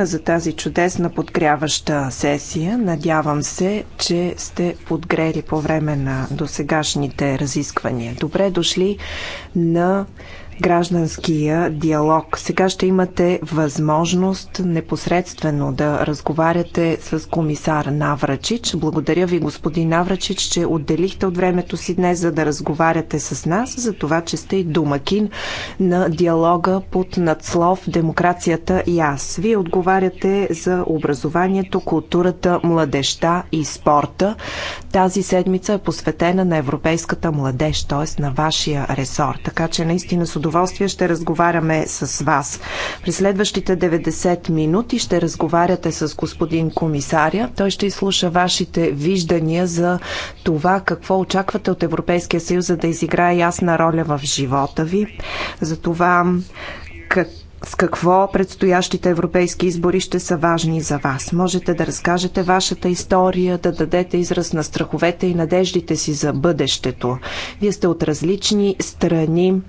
за тази чудесна подгряваща сесия. Надявам се, че сте подгрели по време на досегашните разисквания. Добре дошли на гражданския диалог. Сега ще имате възможност непосредствено да разговаряте с комисар Наврачич. Благодаря ви, господин Наврачич, че отделихте от времето си днес, за да разговаряте с нас, за това, че сте и домакин на диалога под надслов Демокрацията и аз. Вие отговаряте за образованието, културата, младеща и спорта. Тази седмица е посветена на европейската младеж, т.е. на вашия ресор. Така че наистина с удоволствие удоволствие ще разговаряме с вас. През следващите 90 минути ще разговаряте с господин комисаря. Той ще изслуша вашите виждания за това какво очаквате от Европейския съюз, за да изиграе ясна роля в живота ви. За това как с какво предстоящите европейски избори ще са важни за вас. Можете да разкажете вашата история, да дадете израз на страховете и надеждите си за бъдещето. Вие сте от различни страни,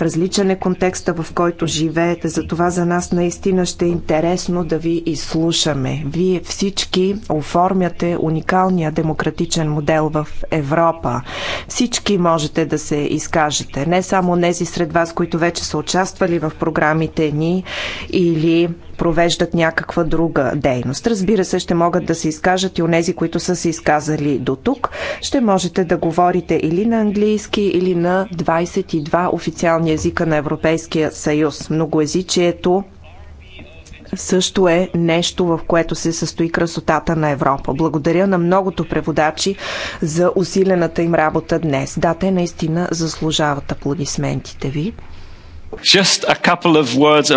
различен е контекста, в който живеете, затова за нас наистина ще е интересно да ви изслушаме. Вие всички оформяте уникалния демократичен модел в Европа. Всички можете да се изкажете, не само нези сред вас, които вече са участвали в програмите жени или провеждат някаква друга дейност. Разбира се, ще могат да се изкажат и нези, които са се изказали до тук. Ще можете да говорите или на английски, или на 22 официални езика на Европейския съюз. Многоезичието също е нещо, в което се състои красотата на Европа. Благодаря на многото преводачи за усилената им работа днес. Да, те наистина заслужават аплодисментите ви. As...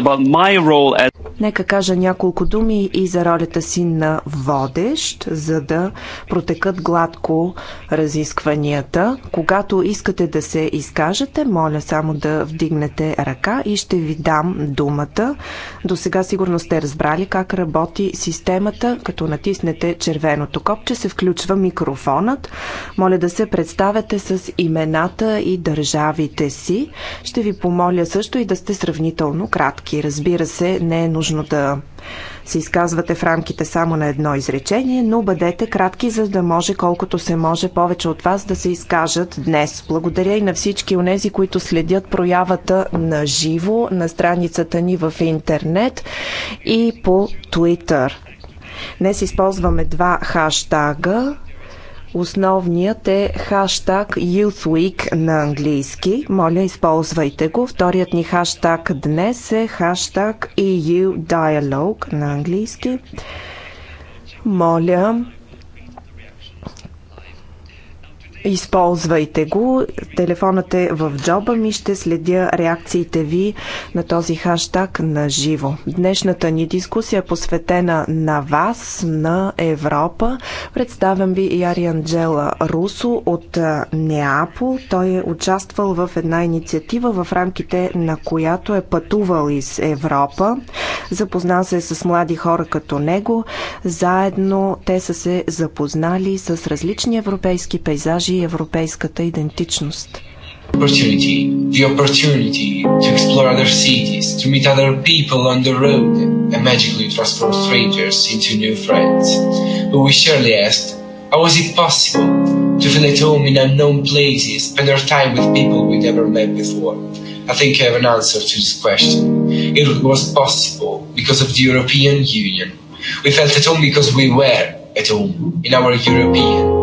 Нека кажа няколко думи и за ролята си на водещ, за да протекат гладко разискванията. Когато искате да се изкажете, моля само да вдигнете ръка и ще ви дам думата. До сега сигурно сте разбрали как работи системата. Като натиснете червеното копче, се включва микрофонът. Моля да се представяте с имената и държавите си. Ще ви помоля с също и да сте сравнително кратки. Разбира се, не е нужно да се изказвате в рамките само на едно изречение, но бъдете кратки, за да може колкото се може повече от вас да се изкажат днес. Благодаря и на всички онези, които следят проявата на живо на страницата ни в интернет и по Twitter. Днес използваме два хаштага Основният е хаштаг Week на английски. Моля, използвайте го. Вторият ни хаштаг днес е хаштаг EU Dialogue на английски. Моля, Използвайте го. Телефонът е в джоба ми. Ще следя реакциите ви на този хаштаг на живо. Днешната ни дискусия е посветена на вас, на Европа. Представям ви и Анджела Русо от Неапол. Той е участвал в една инициатива, в рамките на която е пътувал из Европа. Запознал се е с млади хора като него. Заедно те са се запознали с различни европейски пейзажи продължи европейската идентичност. Opportunity, the opportunity to explore other cities, to meet other people on the road, and magically transform strangers into new friends. But we surely asked, how was it possible to feel at home in unknown places, spend our time with people we never met before? I think I have an answer to this question. It was possible because of the European Union. We felt at home because we were at home in our European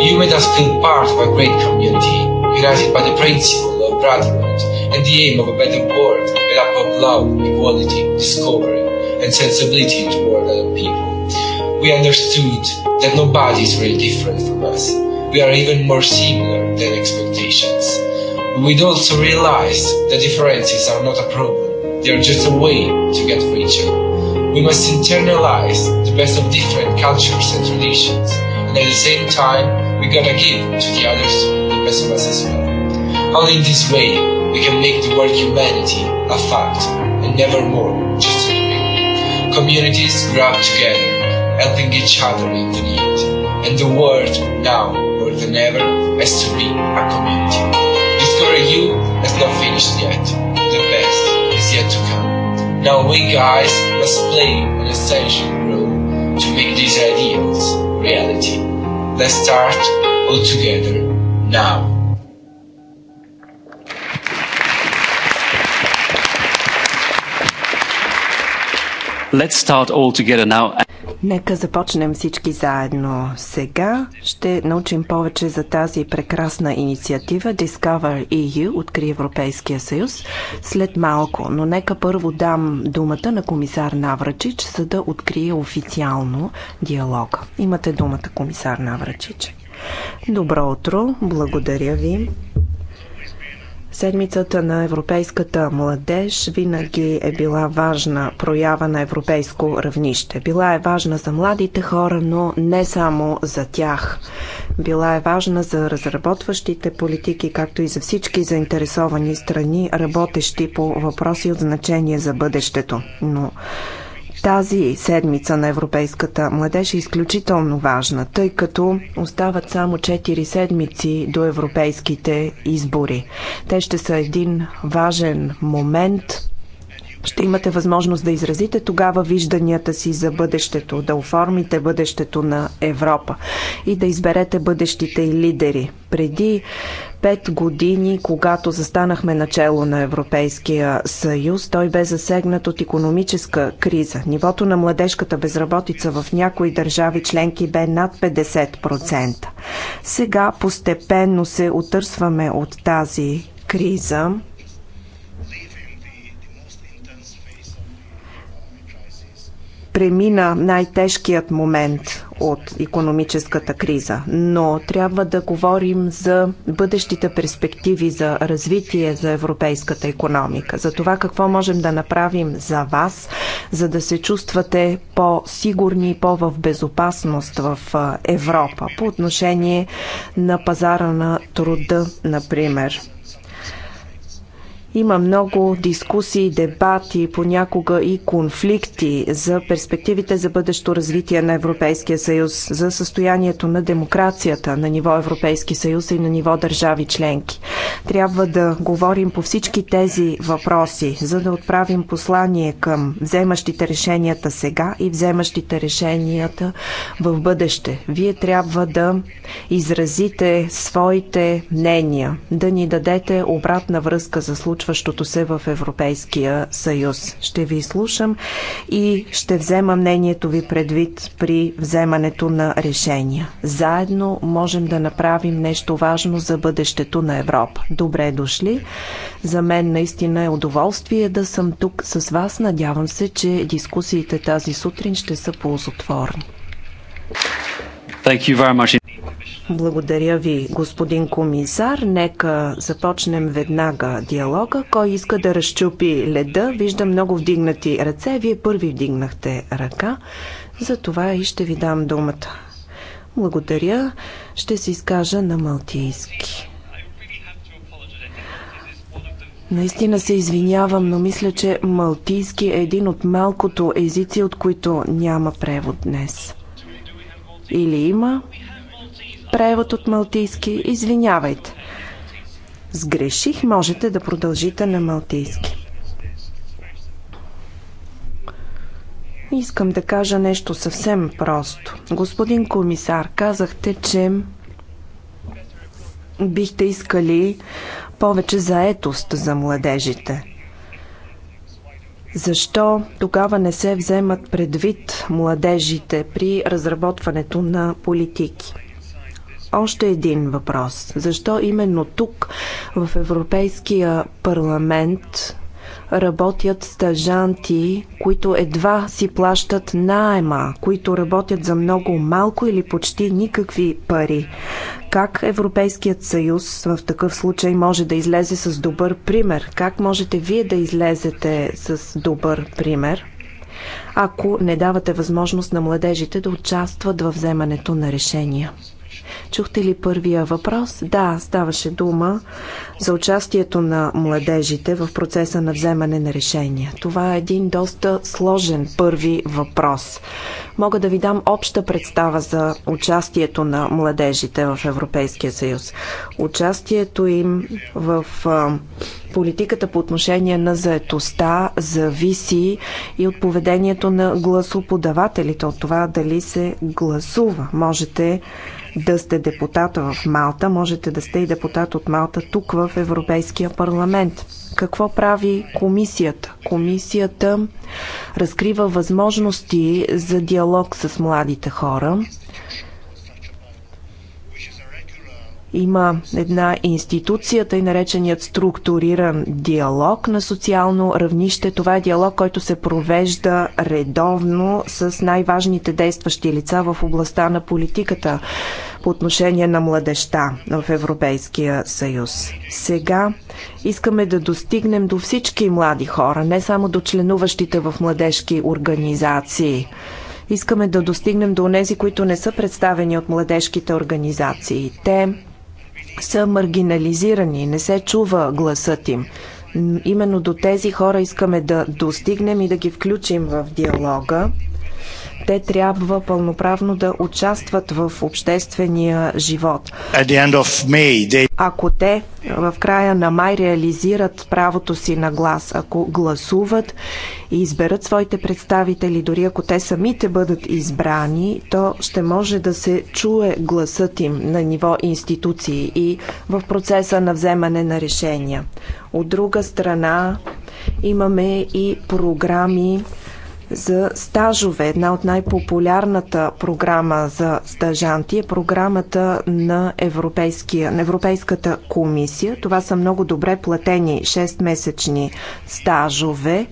You made us feel part of a great community, united by the principle of brotherhood and the aim of a better world made up of love, equality, discovery, and sensibility toward other people. We understood that nobody is really different from us. We are even more similar than expectations. We'd also realized that differences are not a problem, they are just a way to get richer. We must internalize the best of different cultures and traditions, and at the same time, we gotta give to the others the best of us as well. Only in this way we can make the word humanity a fact and never more just a dream. Communities grow up together, helping each other in the need. And the world now more than ever has to be a community. Discover you has not finished yet. The best is yet to come. Now we guys must play an essential role to make these ideals reality. Let's start all together now. Let's start all together now. Нека започнем всички заедно. Сега ще научим повече за тази прекрасна инициатива Discover EU, Откри Европейския съюз, след малко. Но нека първо дам думата на комисар Наврачич, за да открие официално диалога. Имате думата, комисар Наврачич. Добро утро, благодаря ви. Седмицата на европейската младеж винаги е била важна проява на европейско равнище. Била е важна за младите хора, но не само за тях. Била е важна за разработващите политики, както и за всички заинтересовани страни, работещи по въпроси от значение за бъдещето. Но тази седмица на Европейската младеж е изключително важна, тъй като остават само 4 седмици до европейските избори. Те ще са един важен момент ще имате възможност да изразите тогава вижданията си за бъдещето, да оформите бъдещето на Европа и да изберете бъдещите и лидери. Преди пет години, когато застанахме начало на Европейския съюз, той бе засегнат от економическа криза. Нивото на младежката безработица в някои държави членки бе над 50%. Сега постепенно се отърсваме от тази криза. премина най-тежкият момент от економическата криза, но трябва да говорим за бъдещите перспективи за развитие за европейската економика, за това какво можем да направим за вас, за да се чувствате по-сигурни и по-в безопасност в Европа по отношение на пазара на труда, например. Има много дискусии, дебати, понякога и конфликти за перспективите за бъдещо развитие на Европейския съюз, за състоянието на демокрацията на ниво Европейски съюз и на ниво държави членки. Трябва да говорим по всички тези въпроси, за да отправим послание към вземащите решенията сега и вземащите решенията в бъдеще. Вие трябва да изразите своите мнения, да ни дадете обратна връзка за случая случващото се в Европейския съюз. Ще ви слушам и ще взема мнението ви предвид при вземането на решения. Заедно можем да направим нещо важно за бъдещето на Европа. Добре дошли! За мен наистина е удоволствие да съм тук с вас. Надявам се, че дискусиите тази сутрин ще са ползотворни. Thank you very much благодаря ви, господин комисар. Нека започнем веднага диалога. Кой иска да разчупи леда? Виждам много вдигнати ръце. Вие първи вдигнахте ръка. За това и ще ви дам думата. Благодаря. Ще се изкажа на малтийски. Наистина се извинявам, но мисля, че малтийски е един от малкото езици, от които няма превод днес. Или има, превод от малтийски. Извинявайте. Сгреших, можете да продължите на малтийски. Искам да кажа нещо съвсем просто. Господин комисар, казахте, че бихте искали повече заетост за младежите. Защо тогава не се вземат предвид младежите при разработването на политики? Още един въпрос. Защо именно тук, в Европейския парламент, работят стажанти, които едва си плащат найема, които работят за много малко или почти никакви пари. Как Европейският съюз в такъв случай може да излезе с добър пример? Как можете вие да излезете с добър пример? ако не давате възможност на младежите да участват във вземането на решения. Чухте ли първия въпрос? Да, ставаше дума за участието на младежите в процеса на вземане на решения. Това е един доста сложен първи въпрос. Мога да ви дам обща представа за участието на младежите в Европейския съюз. Участието им в политиката по отношение на заетостта зависи и от поведението на гласоподавателите, от това дали се гласува. Можете да сте депутат в Малта, можете да сте и депутат от Малта тук в Европейския парламент. Какво прави комисията? Комисията разкрива възможности за диалог с младите хора. Има една институция, тъй нареченият структуриран диалог на социално равнище. Това е диалог, който се провежда редовно с най-важните действащи лица в областта на политиката по отношение на младеща в Европейския съюз. Сега искаме да достигнем до всички млади хора, не само до членуващите в младежки организации искаме да достигнем до онези, които не са представени от младежките организации. Те са маргинализирани, не се чува гласът им. Именно до тези хора искаме да достигнем и да ги включим в диалога. Те трябва пълноправно да участват в обществения живот. Ако те в края на май реализират правото си на глас, ако гласуват и изберат своите представители, дори ако те самите бъдат избрани, то ще може да се чуе гласът им на ниво институции и в процеса на вземане на решения. От друга страна, имаме и програми за стажове. Една от най-популярната програма за стажанти е програмата на, на Европейската комисия. Това са много добре платени 6-месечни стажове.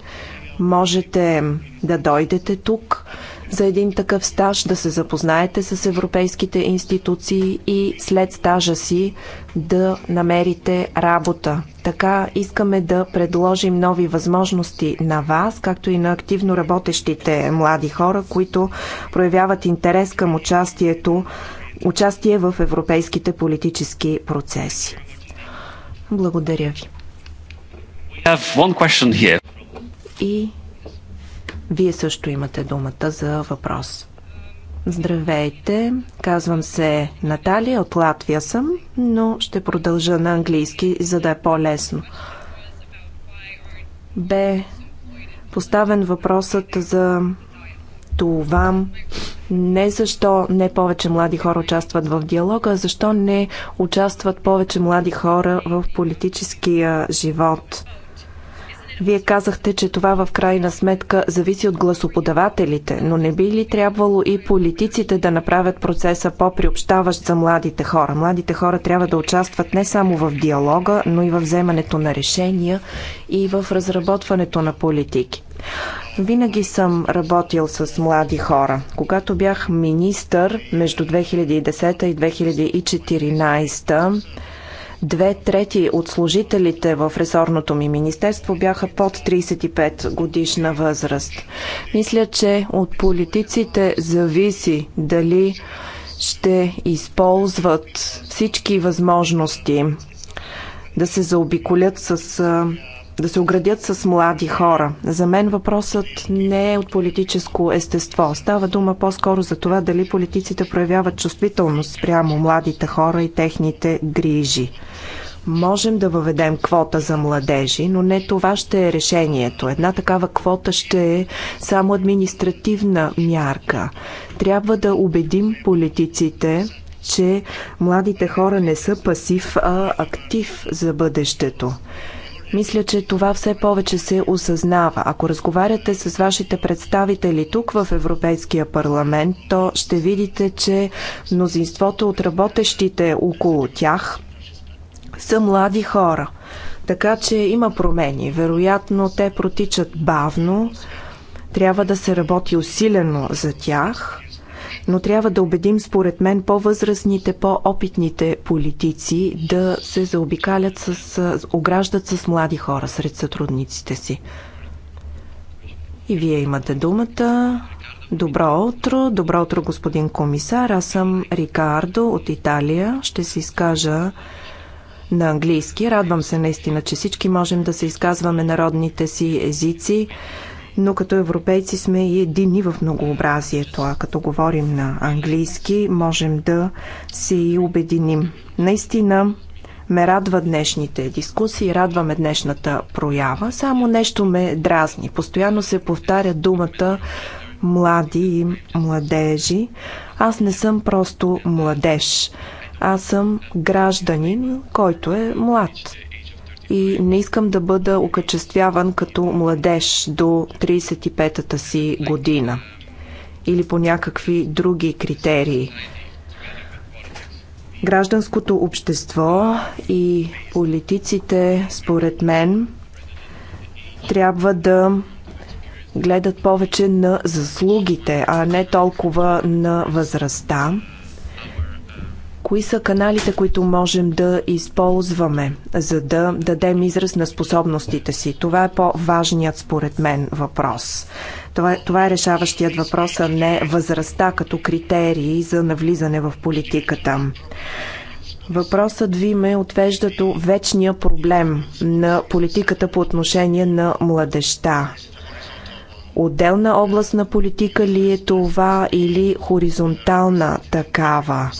Можете да дойдете тук за един такъв стаж, да се запознаете с европейските институции и след стажа си да намерите работа. Така искаме да предложим нови възможности на вас, както и на активно работещите млади хора, които проявяват интерес към участието, участие в европейските политически процеси. Благодаря ви. И вие също имате думата за въпрос. Здравейте, казвам се Наталия, от Латвия съм, но ще продължа на английски, за да е по-лесно. Бе поставен въпросът за това не защо не повече млади хора участват в диалога, а защо не участват повече млади хора в политическия живот – вие казахте, че това в крайна сметка зависи от гласоподавателите, но не би ли трябвало и политиците да направят процеса по-приобщаващ за младите хора? Младите хора трябва да участват не само в диалога, но и в вземането на решения и в разработването на политики. Винаги съм работил с млади хора. Когато бях министър между 2010 и 2014, Две трети от служителите в ресорното ми министерство бяха под 35 годишна възраст. Мисля, че от политиците зависи дали ще използват всички възможности да се заобиколят с да се оградят с млади хора. За мен въпросът не е от политическо естество. Става дума по-скоро за това дали политиците проявяват чувствителност спрямо младите хора и техните грижи. Можем да въведем квота за младежи, но не това ще е решението. Една такава квота ще е само административна мярка. Трябва да убедим политиците, че младите хора не са пасив, а актив за бъдещето. Мисля, че това все повече се осъзнава. Ако разговаряте с вашите представители тук в Европейския парламент, то ще видите, че мнозинството от работещите около тях са млади хора. Така че има промени. Вероятно те протичат бавно. Трябва да се работи усилено за тях но трябва да убедим, според мен, по-възрастните, по-опитните политици да се заобикалят с, ограждат с млади хора сред сътрудниците си. И вие имате думата. Добро утро, добро утро, господин комисар. Аз съм Рикардо от Италия. Ще се изкажа на английски. Радвам се наистина, че всички можем да се изказваме народните си езици но като европейци сме и едини в многообразието, а като говорим на английски, можем да се и обединим. Наистина, ме радва днешните дискусии, радваме днешната проява. Само нещо ме дразни. Постоянно се повтаря думата млади и младежи. Аз не съм просто младеж. Аз съм гражданин, който е млад и не искам да бъда окачествяван като младеж до 35-та си година или по някакви други критерии. Гражданското общество и политиците, според мен, трябва да гледат повече на заслугите, а не толкова на възрастта. Кои са каналите, които можем да използваме, за да дадем израз на способностите си? Това е по-важният според мен въпрос. Това е, това е решаващият въпрос, а не възрастта като критерии за навлизане в политиката. Въпросът ви ме отвежда до вечния проблем на политиката по отношение на младеща. Отделна област на политика ли е това или хоризонтална такава?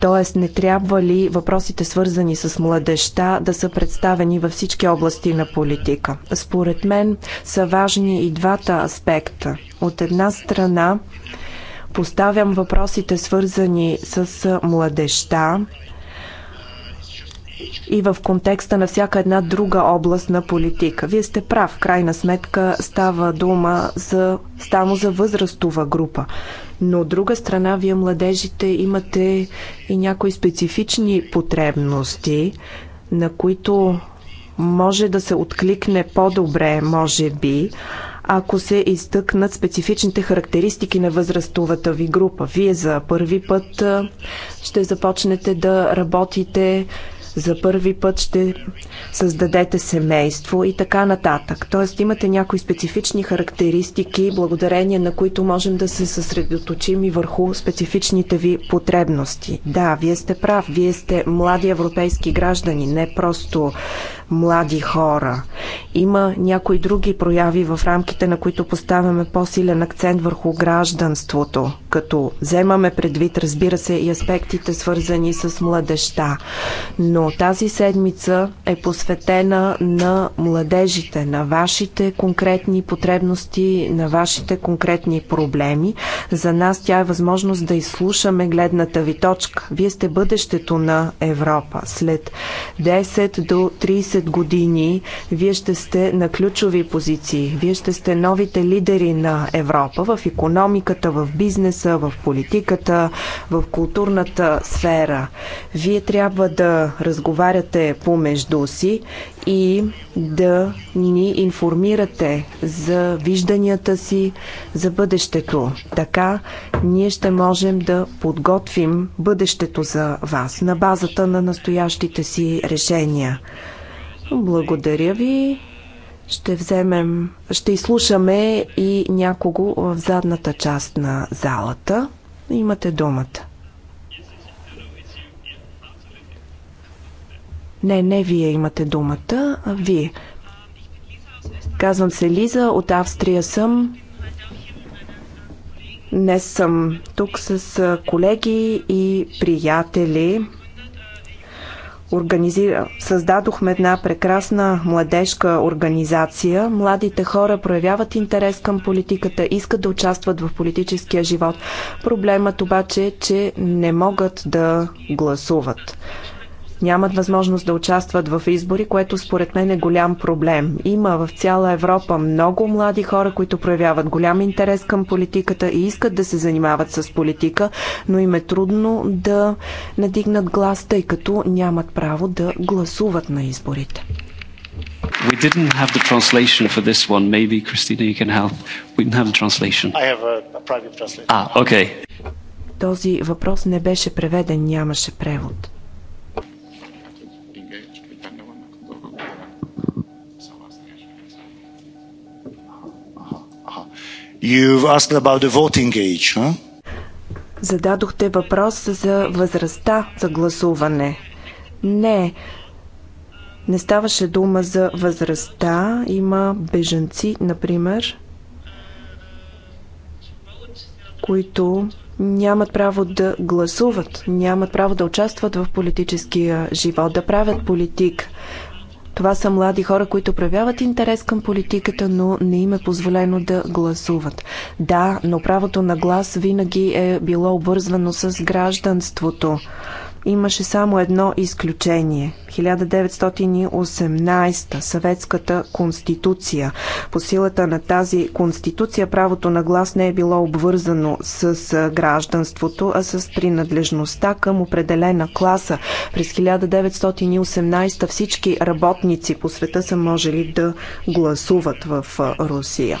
Тоест, не трябва ли въпросите свързани с младеща да са представени във всички области на политика? Според мен са важни и двата аспекта. От една страна, поставям въпросите свързани с младеща, и в контекста на всяка една друга област на политика. Вие сте прав, крайна сметка става дума за, само за възрастова група. Но от друга страна, вие младежите имате и някои специфични потребности, на които може да се откликне по-добре, може би, ако се изтъкнат специфичните характеристики на възрастовата ви група. Вие за първи път ще започнете да работите за първи път ще създадете семейство и така нататък. Тоест имате някои специфични характеристики, благодарение на които можем да се съсредоточим и върху специфичните ви потребности. Да, вие сте прав, вие сте млади европейски граждани, не просто млади хора. Има някои други прояви в рамките на които поставяме по-силен акцент върху гражданството, като вземаме предвид, разбира се, и аспектите свързани с младеща. Но тази седмица е посветена на младежите, на вашите конкретни потребности, на вашите конкретни проблеми. За нас тя е възможност да изслушаме гледната ви точка. Вие сте бъдещето на Европа. След 10 до 30 10 години вие ще сте на ключови позиции. Вие ще сте новите лидери на Европа в економиката, в бизнеса, в политиката, в културната сфера. Вие трябва да разговаряте помежду си и да ни информирате за вижданията си за бъдещето. Така ние ще можем да подготвим бъдещето за вас на базата на настоящите си решения. Благодаря ви. Ще вземем, ще изслушаме и някого в задната част на залата. Имате думата. Не, не вие имате думата, а вие. Казвам се Лиза, от Австрия съм. Днес съм тук с колеги и приятели Организира... Създадохме една прекрасна младежка организация. Младите хора проявяват интерес към политиката, искат да участват в политическия живот. Проблемът обаче е, че не могат да гласуват нямат възможност да участват в избори, което според мен е голям проблем. Има в цяла Европа много млади хора, които проявяват голям интерес към политиката и искат да се занимават с политика, но им е трудно да надигнат глас, тъй като нямат право да гласуват на изборите. We didn't have the translation for this one. Maybe Christina, you can help. We didn't have the translation. I have a, a private translation. Ah, okay. Този въпрос не беше преведен, нямаше превод. You've asked about the voting age, huh? Зададохте въпрос за възрастта за гласуване. Не, не ставаше дума за възрастта. Има бежанци, например, които нямат право да гласуват, нямат право да участват в политическия живот, да правят политик. Това са млади хора, които проявяват интерес към политиката, но не им е позволено да гласуват. Да, но правото на глас винаги е било обвързвано с гражданството имаше само едно изключение. 1918 Съветската конституция. По силата на тази конституция правото на глас не е било обвързано с гражданството, а с принадлежността към определена класа. През 1918 всички работници по света са можели да гласуват в Русия.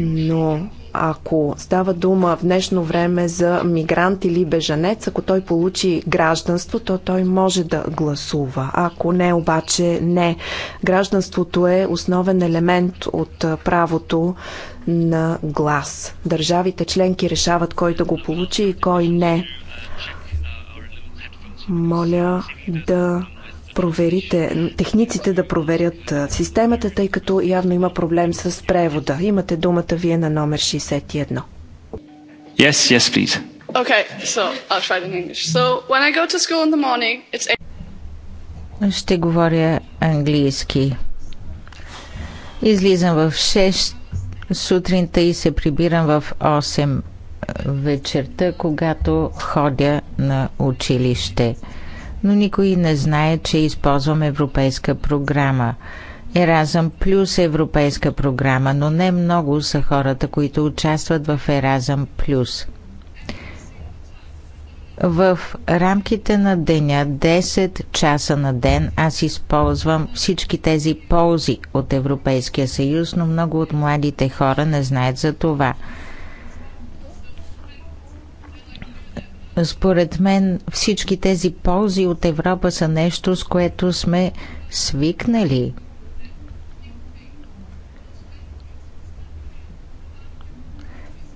Но ако става дума в днешно време за мигрант или бежанец, ако той получи гражданство, то той може да гласува. Ако не, обаче не. Гражданството е основен елемент от правото на глас. Държавите членки решават кой да го получи и кой не. Моля да проверите, техниците да проверят системата, тъй като явно има проблем с превода. Имате думата вие на номер 61. Yes, yes, please. Okay, so I'll try in English. So when I go to school in the morning, it's ще говоря английски. Излизам в 6 сутринта и се прибирам в 8 вечерта, когато ходя на училище но никой не знае, че използвам европейска програма. Еразъм плюс европейска програма, но не много са хората, които участват в Еразъм плюс. В рамките на деня, 10 часа на ден, аз използвам всички тези ползи от Европейския съюз, но много от младите хора не знаят за това – Според мен всички тези ползи от Европа са нещо, с което сме свикнали.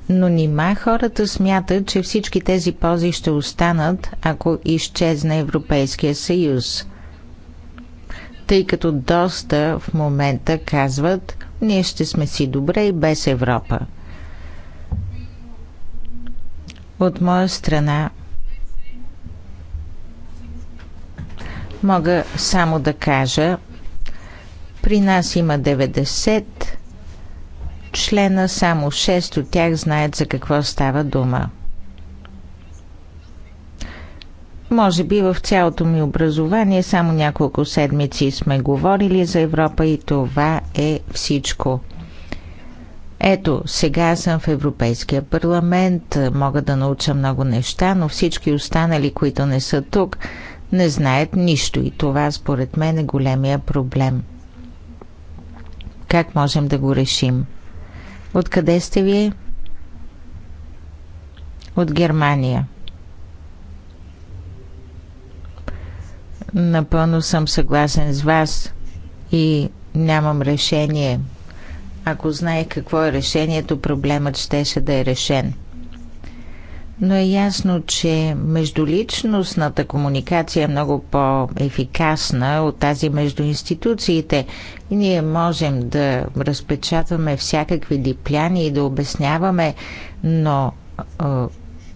Но нима хората смятат, че всички тези ползи ще останат, ако изчезне Европейския съюз. Тъй като доста в момента казват, ние ще сме си добре и без Европа. От моя страна мога само да кажа, при нас има 90 члена, само 6 от тях знаят за какво става дума. Може би в цялото ми образование само няколко седмици сме говорили за Европа и това е всичко – ето, сега съм в Европейския парламент, мога да науча много неща, но всички останали, които не са тук, не знаят нищо и това според мен е големия проблем. Как можем да го решим? Откъде сте вие? От Германия. Напълно съм съгласен с вас и нямам решение – ако знае какво е решението, проблемът щеше да е решен. Но е ясно, че междуличностната комуникация е много по-ефикасна от тази между институциите. И ние можем да разпечатваме всякакви дипляни и да обясняваме, но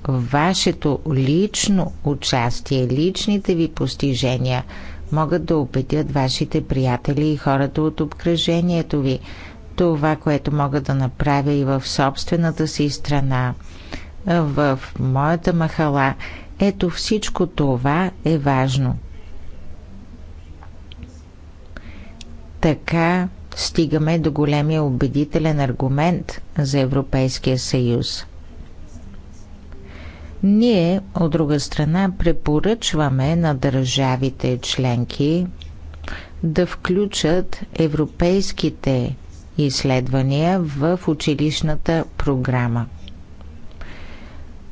вашето лично участие, личните ви постижения могат да убедят вашите приятели и хората от обкръжението ви – това, което мога да направя и в собствената си страна, в моята махала. Ето всичко това е важно. Така стигаме до големия убедителен аргумент за Европейския съюз. Ние, от друга страна, препоръчваме на държавите членки да включат европейските изследвания в училищната програма.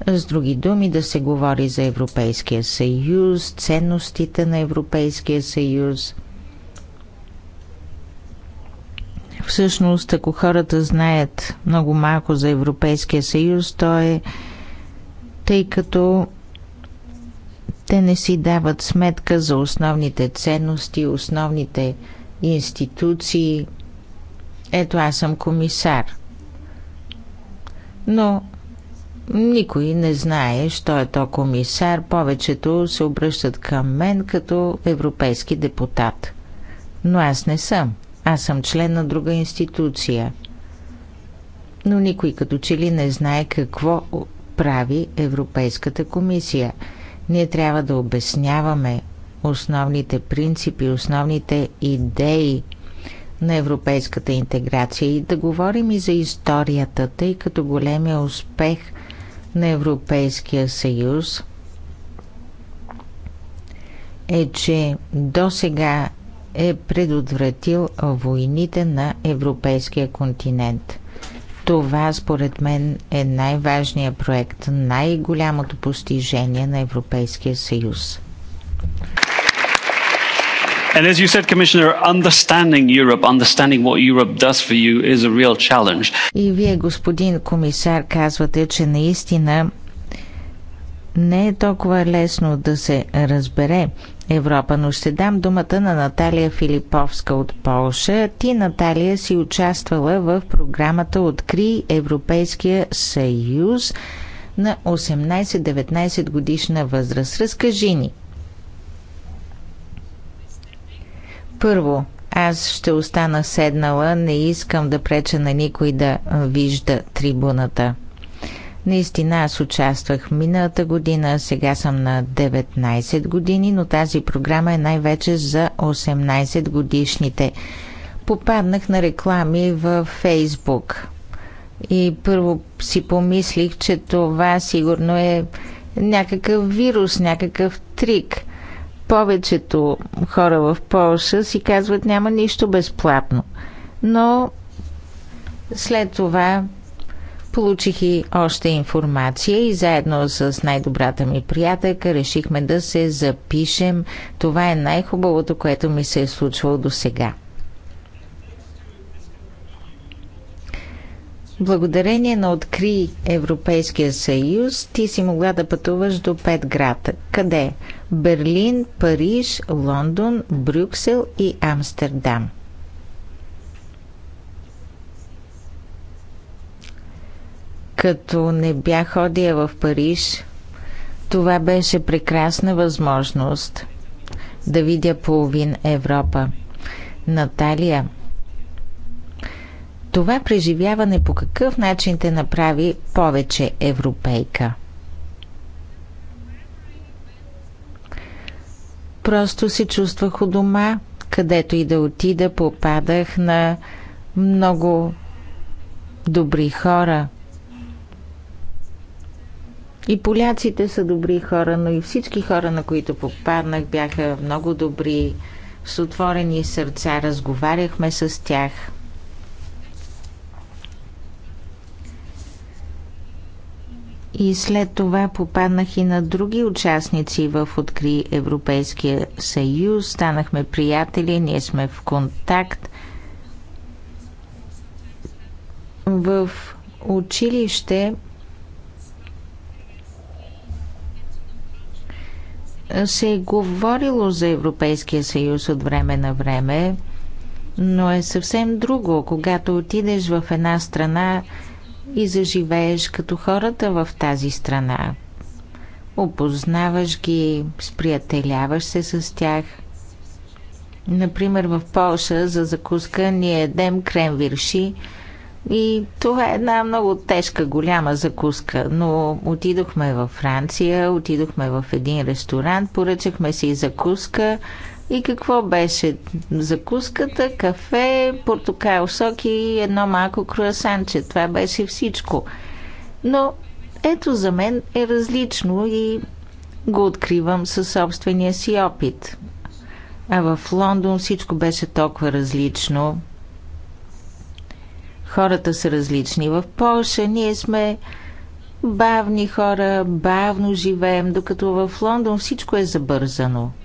С други думи, да се говори за Европейския съюз, ценностите на Европейския съюз. Всъщност, ако хората знаят много малко за Европейския съюз, то е тъй като те не си дават сметка за основните ценности, основните институции – ето аз съм комисар. Но никой не знае, що е то комисар. Повечето се обръщат към мен като европейски депутат. Но аз не съм. Аз съм член на друга институция. Но никой като че ли не знае какво прави Европейската комисия. Ние трябва да обясняваме основните принципи, основните идеи – на европейската интеграция и да говорим и за историята, тъй като големия успех на Европейския съюз е, че до сега е предотвратил войните на европейския континент. Това, според мен, е най-важният проект, най-голямото постижение на Европейския съюз. And as you said, Commissioner, understanding Europe, understanding what Europe does for you is a real challenge. И вие, господин комисар, казвате, че наистина не е толкова лесно да се разбере Европа, но ще дам думата на Наталия Филиповска от Полша. Ти, Наталия, си участвала в програмата Откри Европейския съюз на 18-19 годишна възраст. Разкажи ни. Първо, аз ще остана седнала, не искам да преча на никой да вижда трибуната. Наистина аз участвах миналата година, сега съм на 19 години, но тази програма е най-вече за 18 годишните. Попаднах на реклами във Фейсбук и първо си помислих, че това сигурно е някакъв вирус, някакъв трик. Повечето хора в Полша си казват няма нищо безплатно. Но след това получих и още информация и заедно с най-добрата ми приятелка решихме да се запишем. Това е най-хубавото, което ми се е случвало до сега. Благодарение на Откри Европейския съюз ти си могла да пътуваш до пет града. Къде? Берлин, Париж, Лондон, Брюксел и Амстердам. Като не бях ходия в Париж, това беше прекрасна възможност да видя половин Европа. Наталия – това преживяване по какъв начин те направи повече европейка. Просто се чувствах у дома, където и да отида, попадах на много добри хора. И поляците са добри хора, но и всички хора, на които попаднах, бяха много добри. С отворени сърца разговаряхме с тях – И след това попаднах и на други участници в Откри Европейския съюз. Станахме приятели, ние сме в контакт. В училище се е говорило за Европейския съюз от време на време, но е съвсем друго. Когато отидеш в една страна, и заживееш като хората в тази страна. Опознаваш ги, сприятеляваш се с тях. Например, в Полша за закуска ние едем кремвирши и това е една много тежка, голяма закуска. Но отидохме във Франция, отидохме в един ресторант, поръчахме си закуска, и какво беше? Закуската, кафе, портокал, сок и едно малко круасанче. Това беше всичко. Но ето за мен е различно и го откривам със собствения си опит. А в Лондон всичко беше толкова различно. Хората са различни. В Польша ние сме бавни хора, бавно живеем, докато в Лондон всичко е забързано –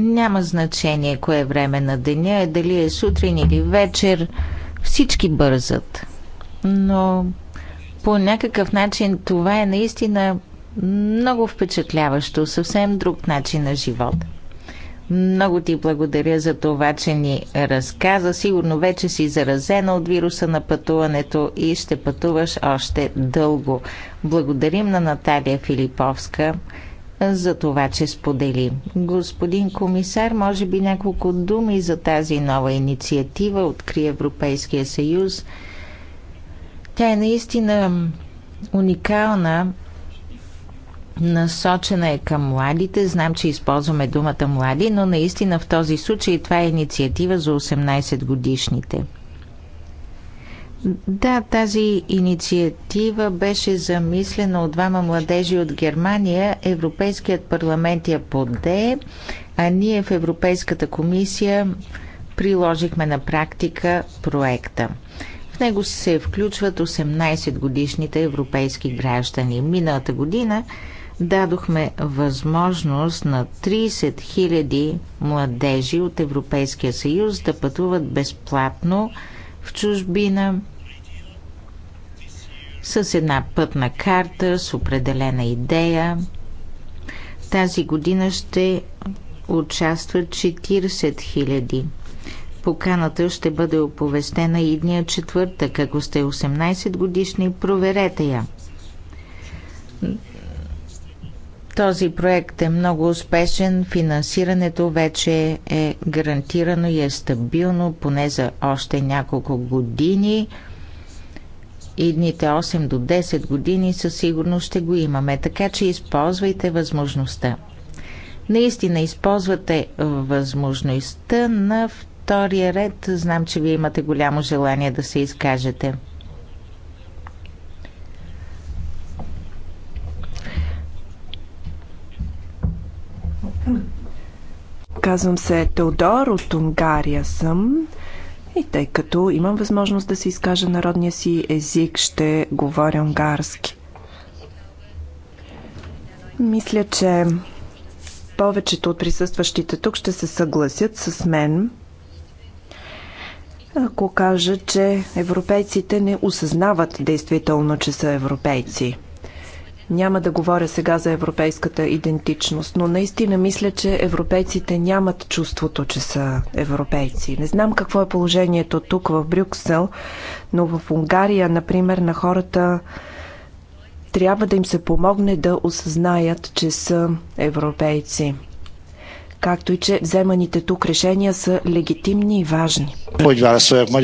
няма значение кое е време на деня, е, дали е сутрин или вечер. Всички бързат. Но по някакъв начин това е наистина много впечатляващо, съвсем друг начин на живота. Много ти благодаря за това, че ни разказа. Сигурно вече си заразена от вируса на пътуването и ще пътуваш още дълго. Благодарим на Наталия Филиповска за това, че сподели. Господин комисар, може би няколко думи за тази нова инициатива Откри Европейския съюз. Тя е наистина уникална, насочена е към младите. Знам, че използваме думата млади, но наистина в този случай това е инициатива за 18 годишните. Да, тази инициатива беше замислена от двама младежи от Германия. Европейският парламент я поде, а ние в Европейската комисия приложихме на практика проекта. В него се включват 18 годишните европейски граждани. Миналата година дадохме възможност на 30 000 младежи от Европейския съюз да пътуват безплатно – в чужбина с една пътна карта, с определена идея. Тази година ще участват 40 000. Поканата ще бъде оповестена и дния четвъртък. Ако сте 18 годишни, проверете я. Този проект е много успешен, финансирането вече е гарантирано и е стабилно поне за още няколко години. Идните 8 до 10 години със сигурност ще го имаме, така че използвайте възможността. Наистина използвате възможността на втория ред. Знам, че вие имате голямо желание да се изкажете. Казвам се Теодор, от Унгария съм. И тъй като имам възможност да се изкажа народния си език, ще говоря унгарски. Мисля, че повечето от присъстващите тук ще се съгласят с мен, ако кажа, че европейците не осъзнават действително, че са европейци. Няма да говоря сега за европейската идентичност, но наистина мисля, че европейците нямат чувството, че са европейци. Не знам какво е положението тук в Брюксел, но в Унгария, например, на хората трябва да им се помогне да осъзнаят, че са европейци. Както и че вземаните тук решения са легитимни и важни. Hogy válaszolják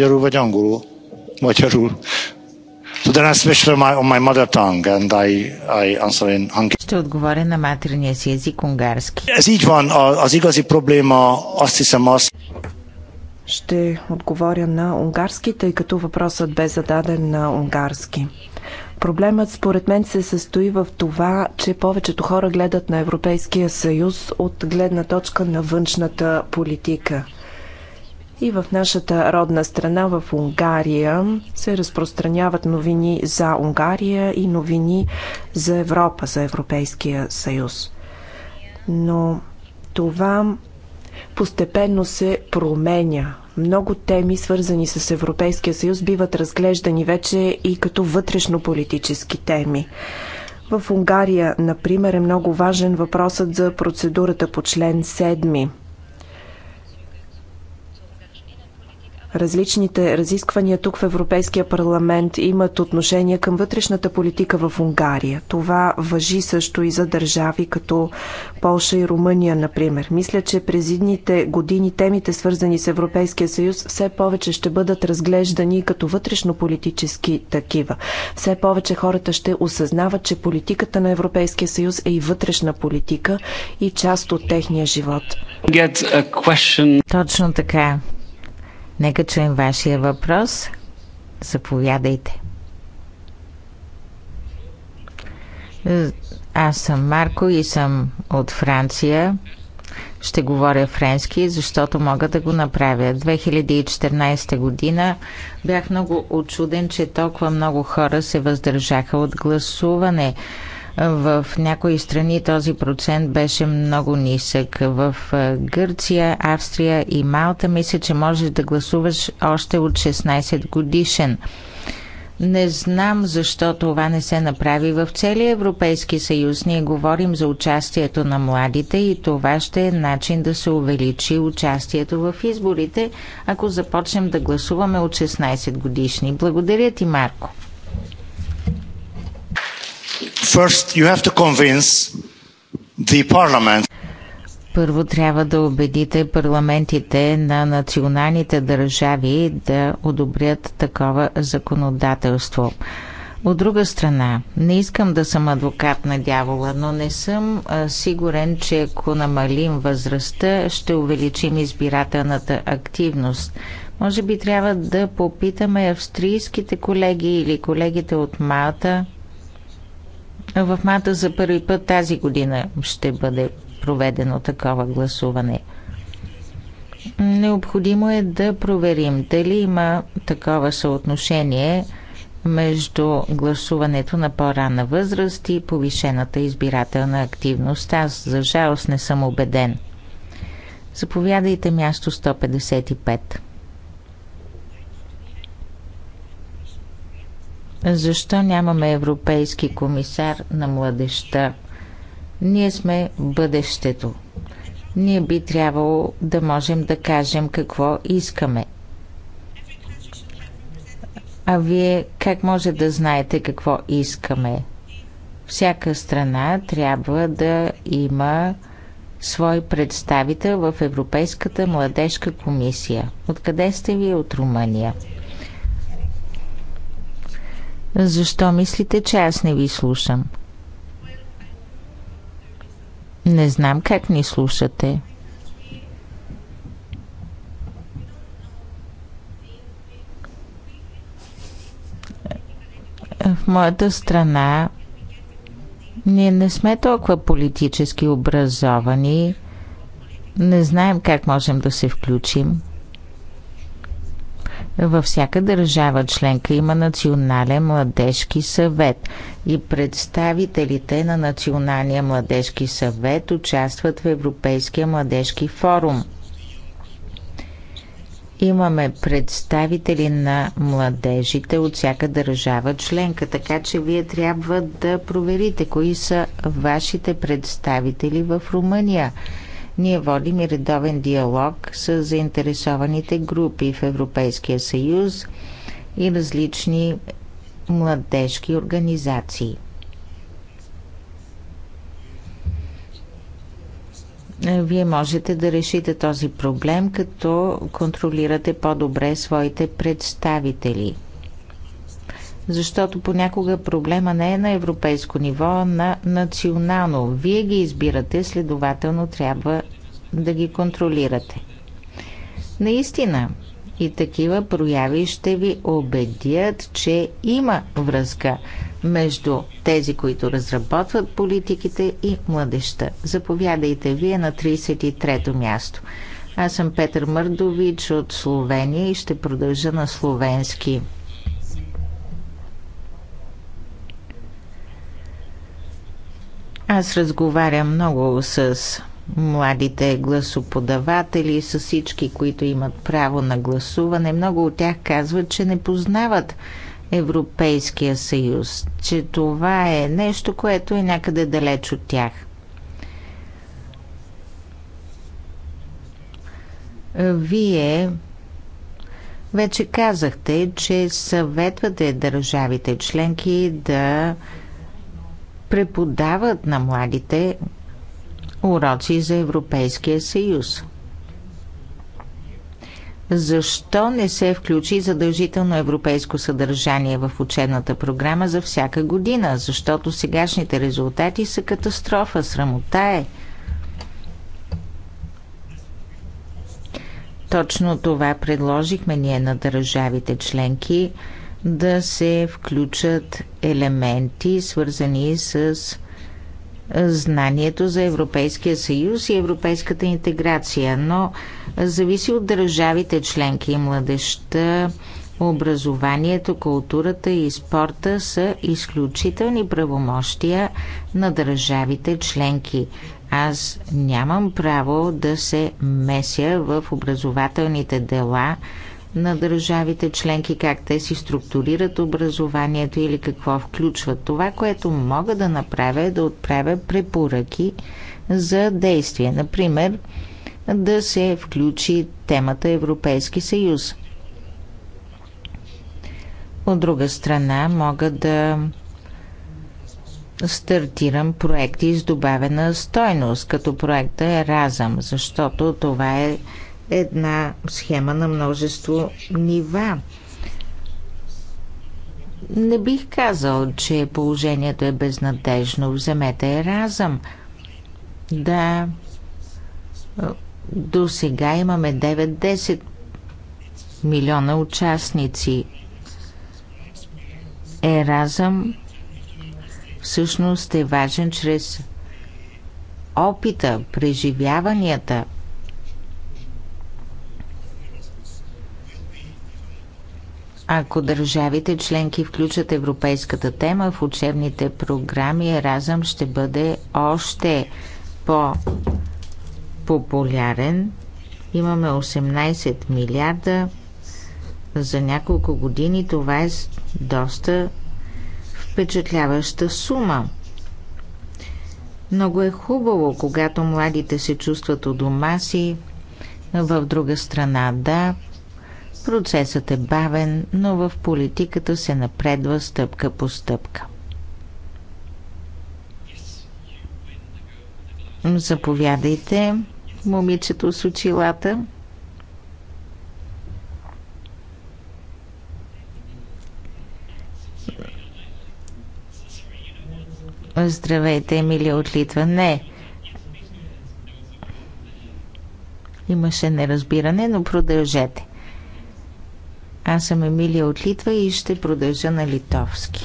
So then I switched to my, on my mother tongue and I, I answer in Hungarian. Ще отговоря на матерния си език Ez így van, az igazi probléma azt hiszem az. Ще отговоря на унгарски, тъй като въпросът бе зададен на унгарски. Проблемът според мен се състои в това, че повечето хора гледат на Европейския съюз от гледна точка на външната политика – и в нашата родна страна, в Унгария, се разпространяват новини за Унгария и новини за Европа, за Европейския съюз. Но това постепенно се променя. Много теми, свързани с Европейския съюз, биват разглеждани вече и като вътрешно-политически теми. В Унгария, например, е много важен въпросът за процедурата по член Различните разисквания тук в Европейския парламент имат отношение към вътрешната политика в Унгария. Това въжи също и за държави като Полша и Румъния, например. Мисля, че през идните години темите, свързани с Европейския съюз, все повече ще бъдат разглеждани като вътрешно-политически такива. Все повече хората ще осъзнават, че политиката на Европейския съюз е и вътрешна политика и част от техния живот. Точно така. Нека чуем вашия въпрос. Заповядайте. Аз съм Марко и съм от Франция. Ще говоря френски, защото мога да го направя. 2014 година бях много очуден, че толкова много хора се въздържаха от гласуване. В някои страни този процент беше много нисък. В Гърция, Австрия и Малта мисля, че можеш да гласуваш още от 16 годишен. Не знам защо това не се направи в целия Европейски съюз. Ние говорим за участието на младите и това ще е начин да се увеличи участието в изборите, ако започнем да гласуваме от 16 годишни. Благодаря ти, Марко. First, you have to convince the parliament. Първо трябва да убедите парламентите на националните държави да одобрят такова законодателство. От друга страна, не искам да съм адвокат на дявола, но не съм сигурен, че ако намалим възрастта, ще увеличим избирателната активност. Може би трябва да попитаме австрийските колеги или колегите от Малта. В Мата за първи път тази година ще бъде проведено такова гласуване. Необходимо е да проверим дали има такова съотношение между гласуването на по-рана възраст и повишената избирателна активност. Аз за жалост не съм убеден. Заповядайте място 155. Защо нямаме европейски комисар на младеща? Ние сме бъдещето. Ние би трябвало да можем да кажем какво искаме. А вие как може да знаете какво искаме? Всяка страна трябва да има свой представител в Европейската младежка комисия. Откъде сте вие от Румъния? Защо мислите, че аз не ви слушам? Не знам как ни слушате. В моята страна ние не сме толкова политически образовани. Не знаем как можем да се включим. Във всяка държава членка има Национален младежки съвет и представителите на Националния младежки съвет участват в Европейския младежки форум. Имаме представители на младежите от всяка държава членка, така че вие трябва да проверите кои са вашите представители в Румъния ние водим и редовен диалог с заинтересованите групи в Европейския съюз и различни младежки организации. Вие можете да решите този проблем, като контролирате по-добре своите представители защото понякога проблема не е на европейско ниво, а на национално. Вие ги избирате, следователно трябва да ги контролирате. Наистина, и такива прояви ще ви убедят, че има връзка между тези, които разработват политиките и младеща. Заповядайте вие на 33-то място. Аз съм Петър Мърдович от Словения и ще продължа на словенски. Аз разговарям много с младите гласоподаватели, с всички, които имат право на гласуване. Много от тях казват, че не познават Европейския съюз, че това е нещо, което е някъде далеч от тях. Вие вече казахте, че съветвате държавите членки да преподават на младите уроци за Европейския съюз. Защо не се включи задължително европейско съдържание в учебната програма за всяка година? Защото сегашните резултати са катастрофа, срамота е. Точно това предложихме ние на държавите членки – да се включат елементи, свързани с знанието за Европейския съюз и европейската интеграция, но зависи от държавите членки. и Младеща, образованието, културата и спорта са изключителни правомощия на държавите членки. Аз нямам право да се меся в образователните дела – на държавите членки, как те си структурират образованието или какво включват. Това, което мога да направя е да отправя препоръки за действие. Например, да се включи темата Европейски съюз. От друга страна, мога да стартирам проекти с добавена стойност, като проекта Еразъм, защото това е една схема на множество нива. Не бих казал, че положението е безнадежно. Вземете разъм. Да, до сега имаме 9-10 милиона участници. Еразъм всъщност е важен чрез опита, преживяванията – Ако държавите членки включат европейската тема в учебните програми, Еразъм ще бъде още по-популярен. Имаме 18 милиарда за няколко години. Това е доста впечатляваща сума. Много е хубаво, когато младите се чувстват у дома си в друга страна. Да, Процесът е бавен, но в политиката се напредва стъпка по стъпка. Заповядайте, момичето с очилата. Здравейте, Емилия от Литва. Не. Имаше неразбиране, но продължете. Аз съм Емилия от Литва и ще продължа на литовски.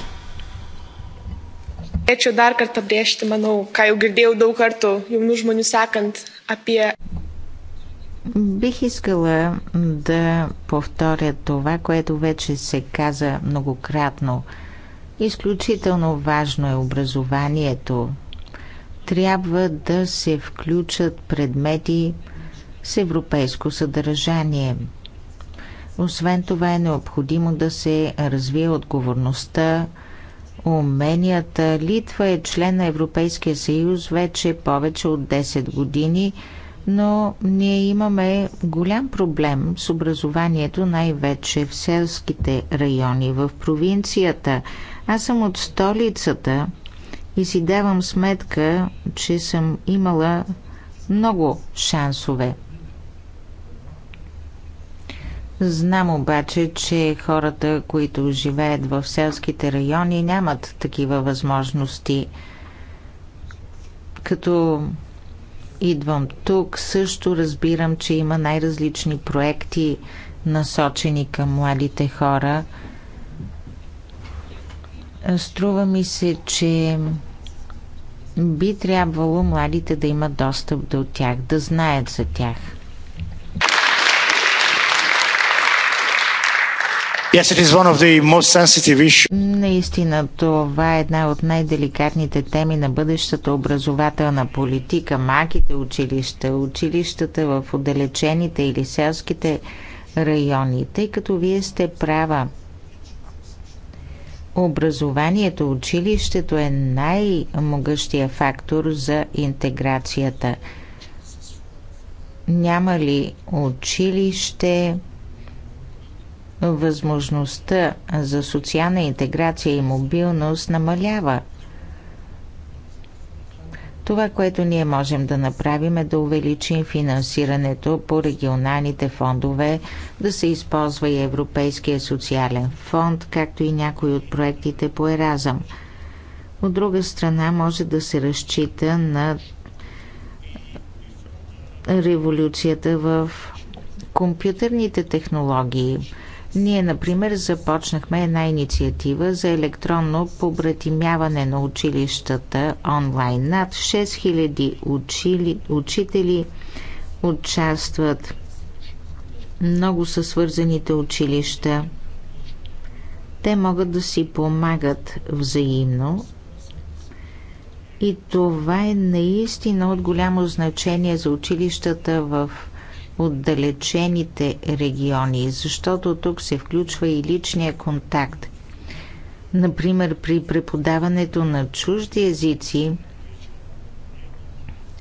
Norėčiau dar kartą pabrėžti, manau, ką jau girdėjau daug kartų jaunų сакант, а apie. Бих искала да повторя това, което вече се каза многократно. Изключително важно е образованието. Трябва да се включат предмети с европейско съдържание – освен това е необходимо да се развие отговорността, уменията. Литва е член на Европейския съюз вече повече от 10 години, но ние имаме голям проблем с образованието най-вече в селските райони, в провинцията. Аз съм от столицата и си давам сметка, че съм имала много шансове Знам обаче, че хората, които живеят в селските райони, нямат такива възможности. Като идвам тук, също разбирам, че има най-различни проекти, насочени към младите хора. Струва ми се, че би трябвало младите да имат достъп до тях, да знаят за тях. Yes, it is one of the most sensitive issues. Наистина, това е една от най-деликатните теми на бъдещата образователна политика. Маките училища, училищата в отдалечените или селските райони, тъй като вие сте права. Образованието, училището е най-могъщия фактор за интеграцията. Няма ли училище, възможността за социална интеграция и мобилност намалява. Това, което ние можем да направим е да увеличим финансирането по регионалните фондове, да се използва и Европейския социален фонд, както и някои от проектите по Еразъм. От друга страна може да се разчита на революцията в компютърните технологии – ние, например, започнахме една инициатива за електронно побратимяване на училищата онлайн. Над 6000 учили, учители участват. Много са свързаните училища. Те могат да си помагат взаимно и това е наистина от голямо значение за училищата в отдалечените региони, защото тук се включва и личния контакт. Например, при преподаването на чужди езици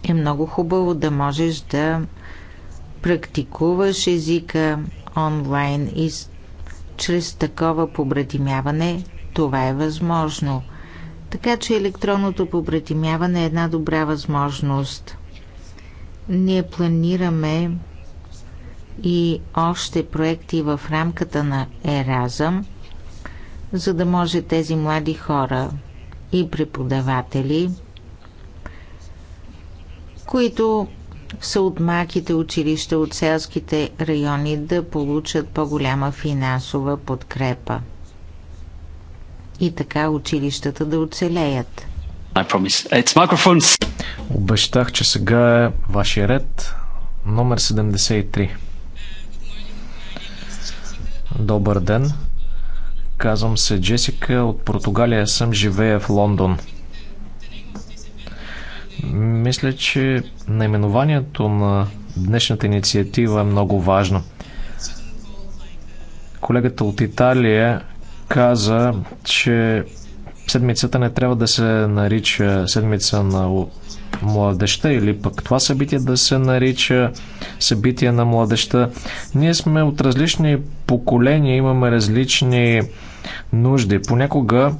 е много хубаво да можеш да практикуваш езика онлайн и чрез такова побратимяване това е възможно. Така че електронното побратимяване е една добра възможност. Ние планираме и още проекти в рамката на Еразъм, за да може тези млади хора и преподаватели, които са от малките училища, от селските райони, да получат по-голяма финансова подкрепа. И така училищата да оцелеят. Обещах, че сега е вашия ред номер 73. Добър ден. Казвам се Джесика. От Португалия съм. Живея в Лондон. Мисля, че наименованието на днешната инициатива е много важно. Колегата от Италия каза, че седмицата не трябва да се нарича седмица на младеща или пък това събитие да се нарича събитие на младеща. Ние сме от различни поколения, имаме различни нужди. Понякога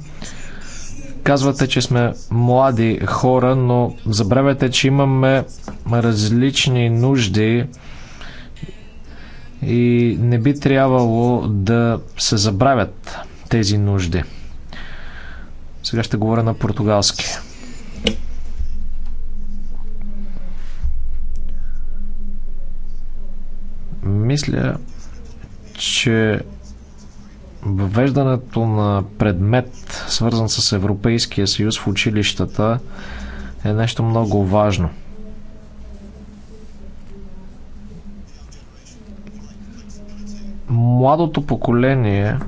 казвате, че сме млади хора, но забравяте, че имаме различни нужди и не би трябвало да се забравят тези нужди. Сега ще говоря на португалски. Мисля, че въвеждането на предмет, свързан с Европейския съюз в училищата, е нещо много важно. Младото поколение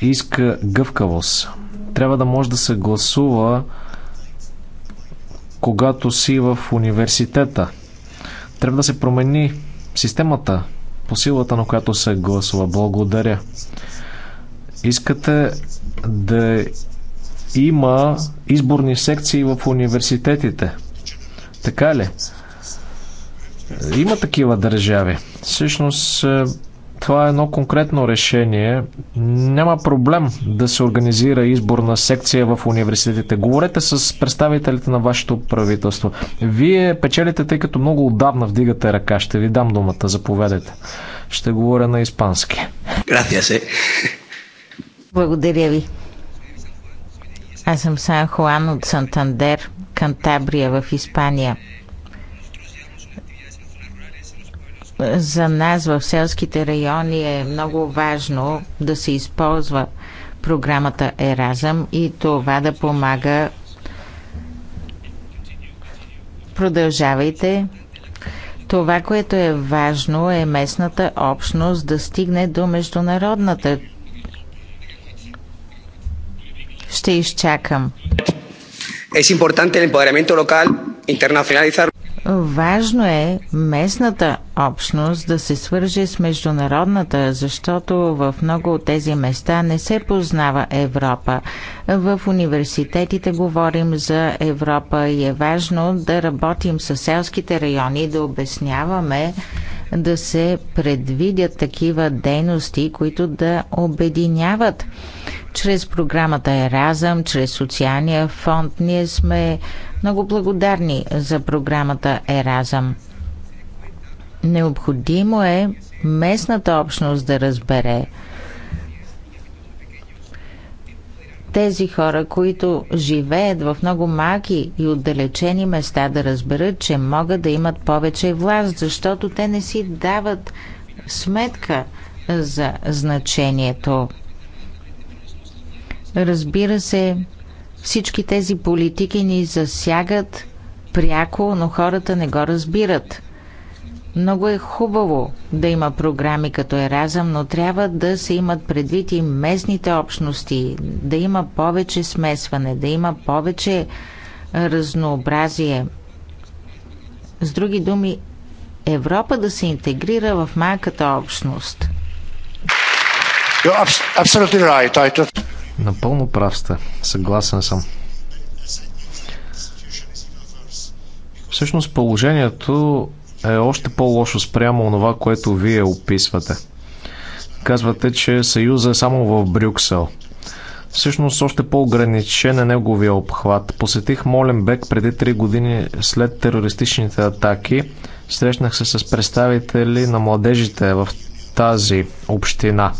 иска гъвкавост. Трябва да може да се гласува когато си в университета. Трябва да се промени системата, по силата на която се гласува. Благодаря. Искате да има изборни секции в университетите. Така ли? Има такива държави. Всъщност, това е едно конкретно решение. Няма проблем да се организира изборна секция в университетите. Говорете с представителите на вашето правителство. Вие печелите, тъй като много отдавна вдигате ръка. Ще ви дам думата. Заповядайте. Ще говоря на испански. Eh. Благодаря ви. Аз съм Сан Хуан от Сантандер, Кантабрия в Испания. За нас в селските райони е много важно да се използва програмата Еразъм и това да помага. Продължавайте. Това, което е важно, е местната общност да стигне до международната. Ще изчакам. Es importante el empoderamiento Важно е местната общност да се свърже с международната, защото в много от тези места не се познава Европа. В университетите говорим за Европа и е важно да работим с селските райони, да обясняваме да се предвидят такива дейности, които да обединяват чрез програмата Еразъм, чрез социалния фонд. Ние сме много благодарни за програмата Еразъм. Необходимо е местната общност да разбере тези хора, които живеят в много малки и отдалечени места, да разберат, че могат да имат повече власт, защото те не си дават сметка за значението. Разбира се, всички тези политики ни засягат пряко, но хората не го разбират. Много е хубаво да има програми като Еразъм, но трябва да се имат предвид и местните общности, да има повече смесване, да има повече разнообразие. С други думи, Европа да се интегрира в малката общност. You're absolutely right. I Напълно прав сте. Съгласен съм. Всъщност положението е още по-лошо спрямо това, което вие описвате. Казвате, че Съюза е само в Брюксел. Всъщност още по-ограничен е неговия обхват. Посетих Моленбек преди 3 години след терористичните атаки. Срещнах се с представители на младежите в тази община.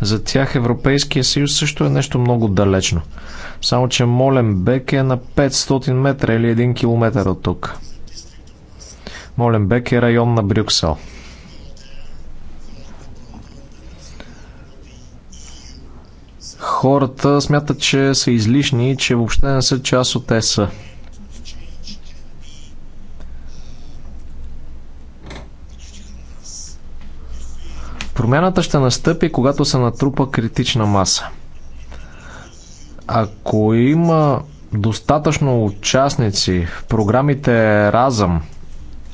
За тях Европейския съюз също е нещо много далечно. Само, че Моленбек е на 500 метра или 1 км от тук. Моленбек е район на Брюксел. Хората смятат, че са излишни и че въобще не са част от ЕСА. Промяната ще настъпи, когато се натрупа критична маса. Ако има достатъчно участници в програмите Разъм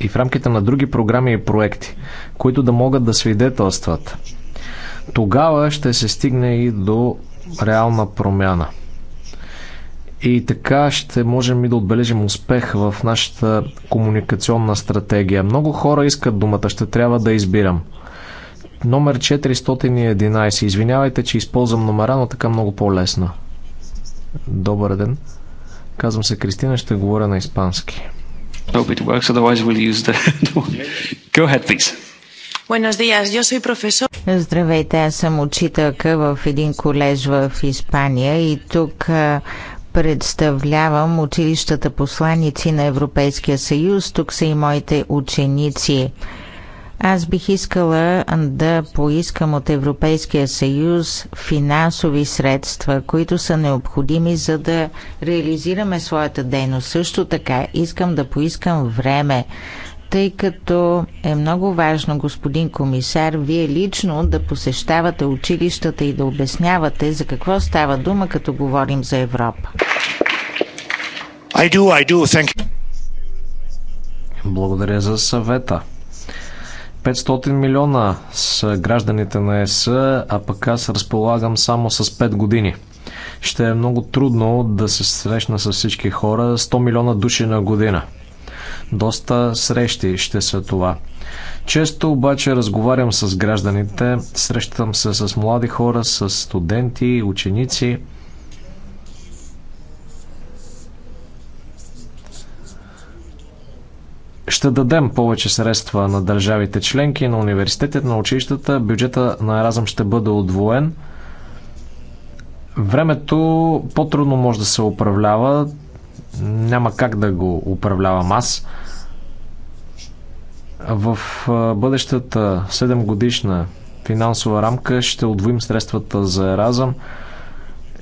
и в рамките на други програми и проекти, които да могат да свидетелстват, тогава ще се стигне и до реална промяна. И така ще можем и да отбележим успех в нашата комуникационна стратегия. Много хора искат думата, ще трябва да избирам. Номер 411. Извинявайте, че използвам номера, но така много по-лесно. Добър ден. Казвам се Кристина, ще говоря на испански. Hope it works, otherwise we'll use the... Go ahead, please. Buenos días, yo soy profesor. Здравейте, аз съм учителка в един колеж в Испания и тук представлявам училищата посланици на Европейския съюз. Тук са и моите ученици. Аз бих искала да поискам от Европейския съюз финансови средства, които са необходими за да реализираме своята дейност. Също така искам да поискам време, тъй като е много важно, господин комисар, вие лично да посещавате училищата и да обяснявате за какво става дума, като говорим за Европа. I do, I do. Thank you. Благодаря за съвета. 500 милиона са гражданите на ЕС, а пък аз разполагам само с 5 години. Ще е много трудно да се срещна с всички хора. 100 милиона души на година. Доста срещи ще са това. Често обаче разговарям с гражданите, срещам се с млади хора, с студенти, ученици – Ще дадем повече средства на държавите членки, на университетите, на училищата. Бюджета на Еразъм ще бъде отвоен. Времето по-трудно може да се управлява. Няма как да го управлявам аз. В бъдещата 7 годишна финансова рамка ще отвоим средствата за Еразъм.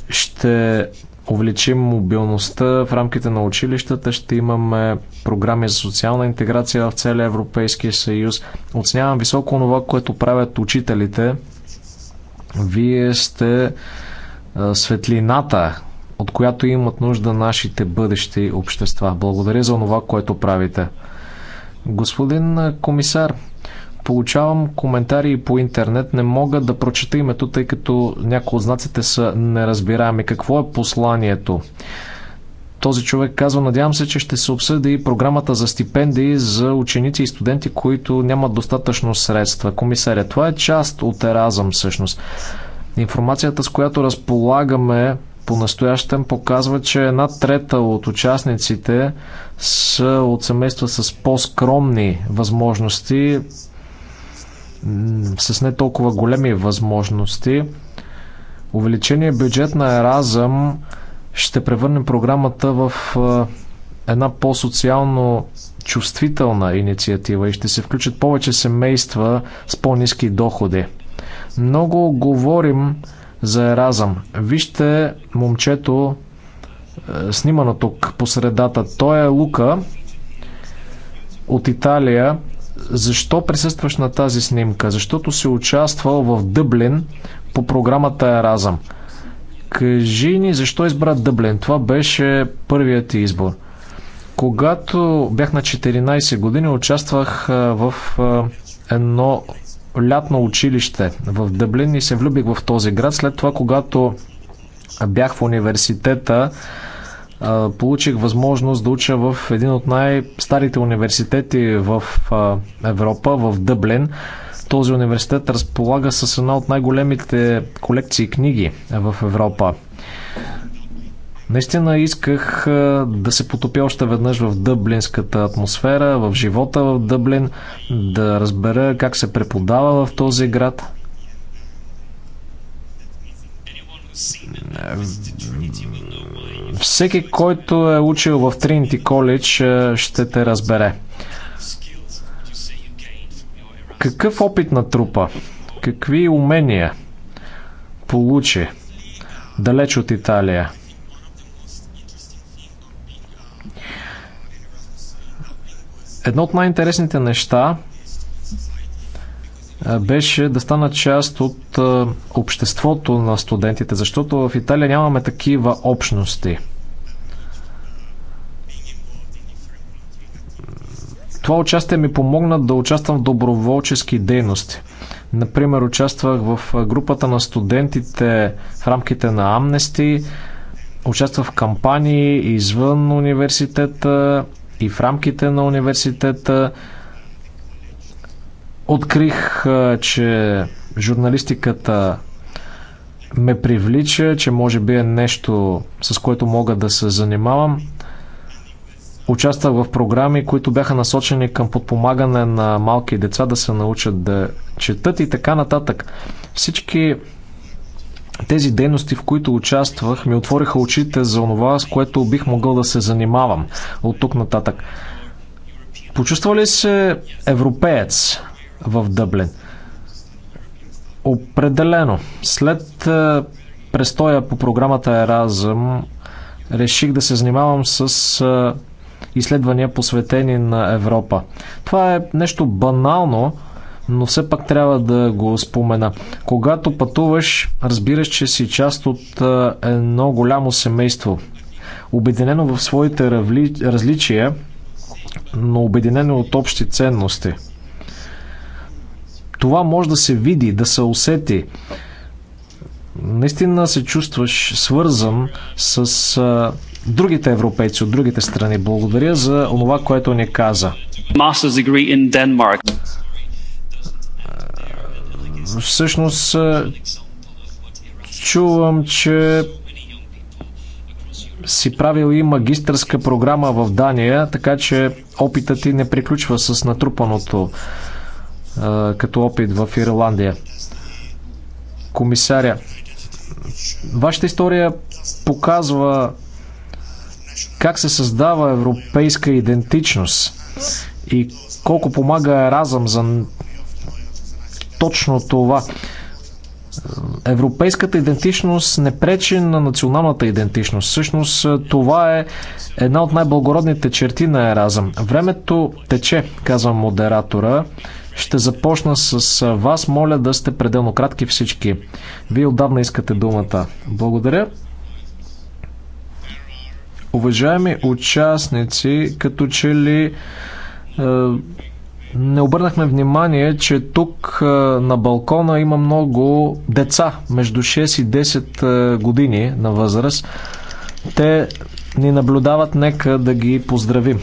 Ще увеличим мобилността в рамките на училищата, ще имаме програми за социална интеграция в целия Европейския съюз. Оценявам високо това, което правят учителите. Вие сте светлината, от която имат нужда нашите бъдещи общества. Благодаря за това, което правите. Господин комисар, Получавам коментари по интернет. Не мога да прочета името, тъй като някои от знаците са неразбираеми. Какво е посланието? Този човек казва, надявам се, че ще се обсъди и програмата за стипендии за ученици и студенти, които нямат достатъчно средства. Комисаря, това е част от еразъм всъщност. Информацията, с която разполагаме по-настоящем показва, че една трета от участниците са от семейства с по-скромни възможности с не толкова големи възможности. Увеличение бюджет на Еразъм ще превърне програмата в една по-социално чувствителна инициатива и ще се включат повече семейства с по-низки доходи. Много говорим за Еразъм. Вижте момчето снимано тук по средата. Той е Лука от Италия. Защо присъстваш на тази снимка? Защото си участвал в Дъблин по програмата Еразъм. Кажи ни защо избра Дъблин. Това беше първият ти избор. Когато бях на 14 години, участвах в едно лятно училище в Дъблин и се влюбих в този град. След това, когато бях в университета, получих възможност да уча в един от най-старите университети в Европа, в Дъблен. Този университет разполага с една от най-големите колекции книги в Европа. Наистина исках да се потопя още веднъж в дъблинската атмосфера, в живота в Дъблин, да разбера как се преподава в този град. Всеки, който е учил в Тринити Коледж, ще те разбере. Какъв опит на трупа? Какви умения получи далеч от Италия? Едно от най-интересните неща беше да стана част от обществото на студентите, защото в Италия нямаме такива общности. Това участие ми помогна да участвам в доброволчески дейности. Например, участвах в групата на студентите в рамките на Амнести, участвах в кампании извън университета и в рамките на университета. Открих, че журналистиката ме привлича, че може би е нещо, с което мога да се занимавам. Участвах в програми, които бяха насочени към подпомагане на малки деца да се научат да четат и така нататък. Всички тези дейности, в които участвах, ми отвориха очите за онова, с което бих могъл да се занимавам от тук нататък. Почувства ли се европеец? в Дъблин. Определено, след е, престоя по програмата Еразъм, реших да се занимавам с е, изследвания посветени на Европа. Това е нещо банално, но все пак трябва да го спомена. Когато пътуваш, разбираш, че си част от е, едно голямо семейство, обединено в своите различия, но обединено от общи ценности – това може да се види, да се усети. Наистина се чувстваш свързан с а, другите европейци от другите страни. Благодаря за онова, което ни каза. Всъщност, чувам, че си правил и магистърска програма в Дания, така че опитът ти не приключва с натрупаното като опит в Ирландия. Комисаря, вашата история показва как се създава европейска идентичност и колко помага разъм за точно това. Европейската идентичност не пречи на националната идентичност. Всъщност това е една от най-благородните черти на Еразъм. Времето тече, казва модератора. Ще започна с вас. Моля да сте пределно кратки всички. Вие отдавна искате думата. Благодаря. Уважаеми участници, като че ли не обърнахме внимание, че тук на балкона има много деца между 6 и 10 години на възраст. Те ни наблюдават, нека да ги поздравим.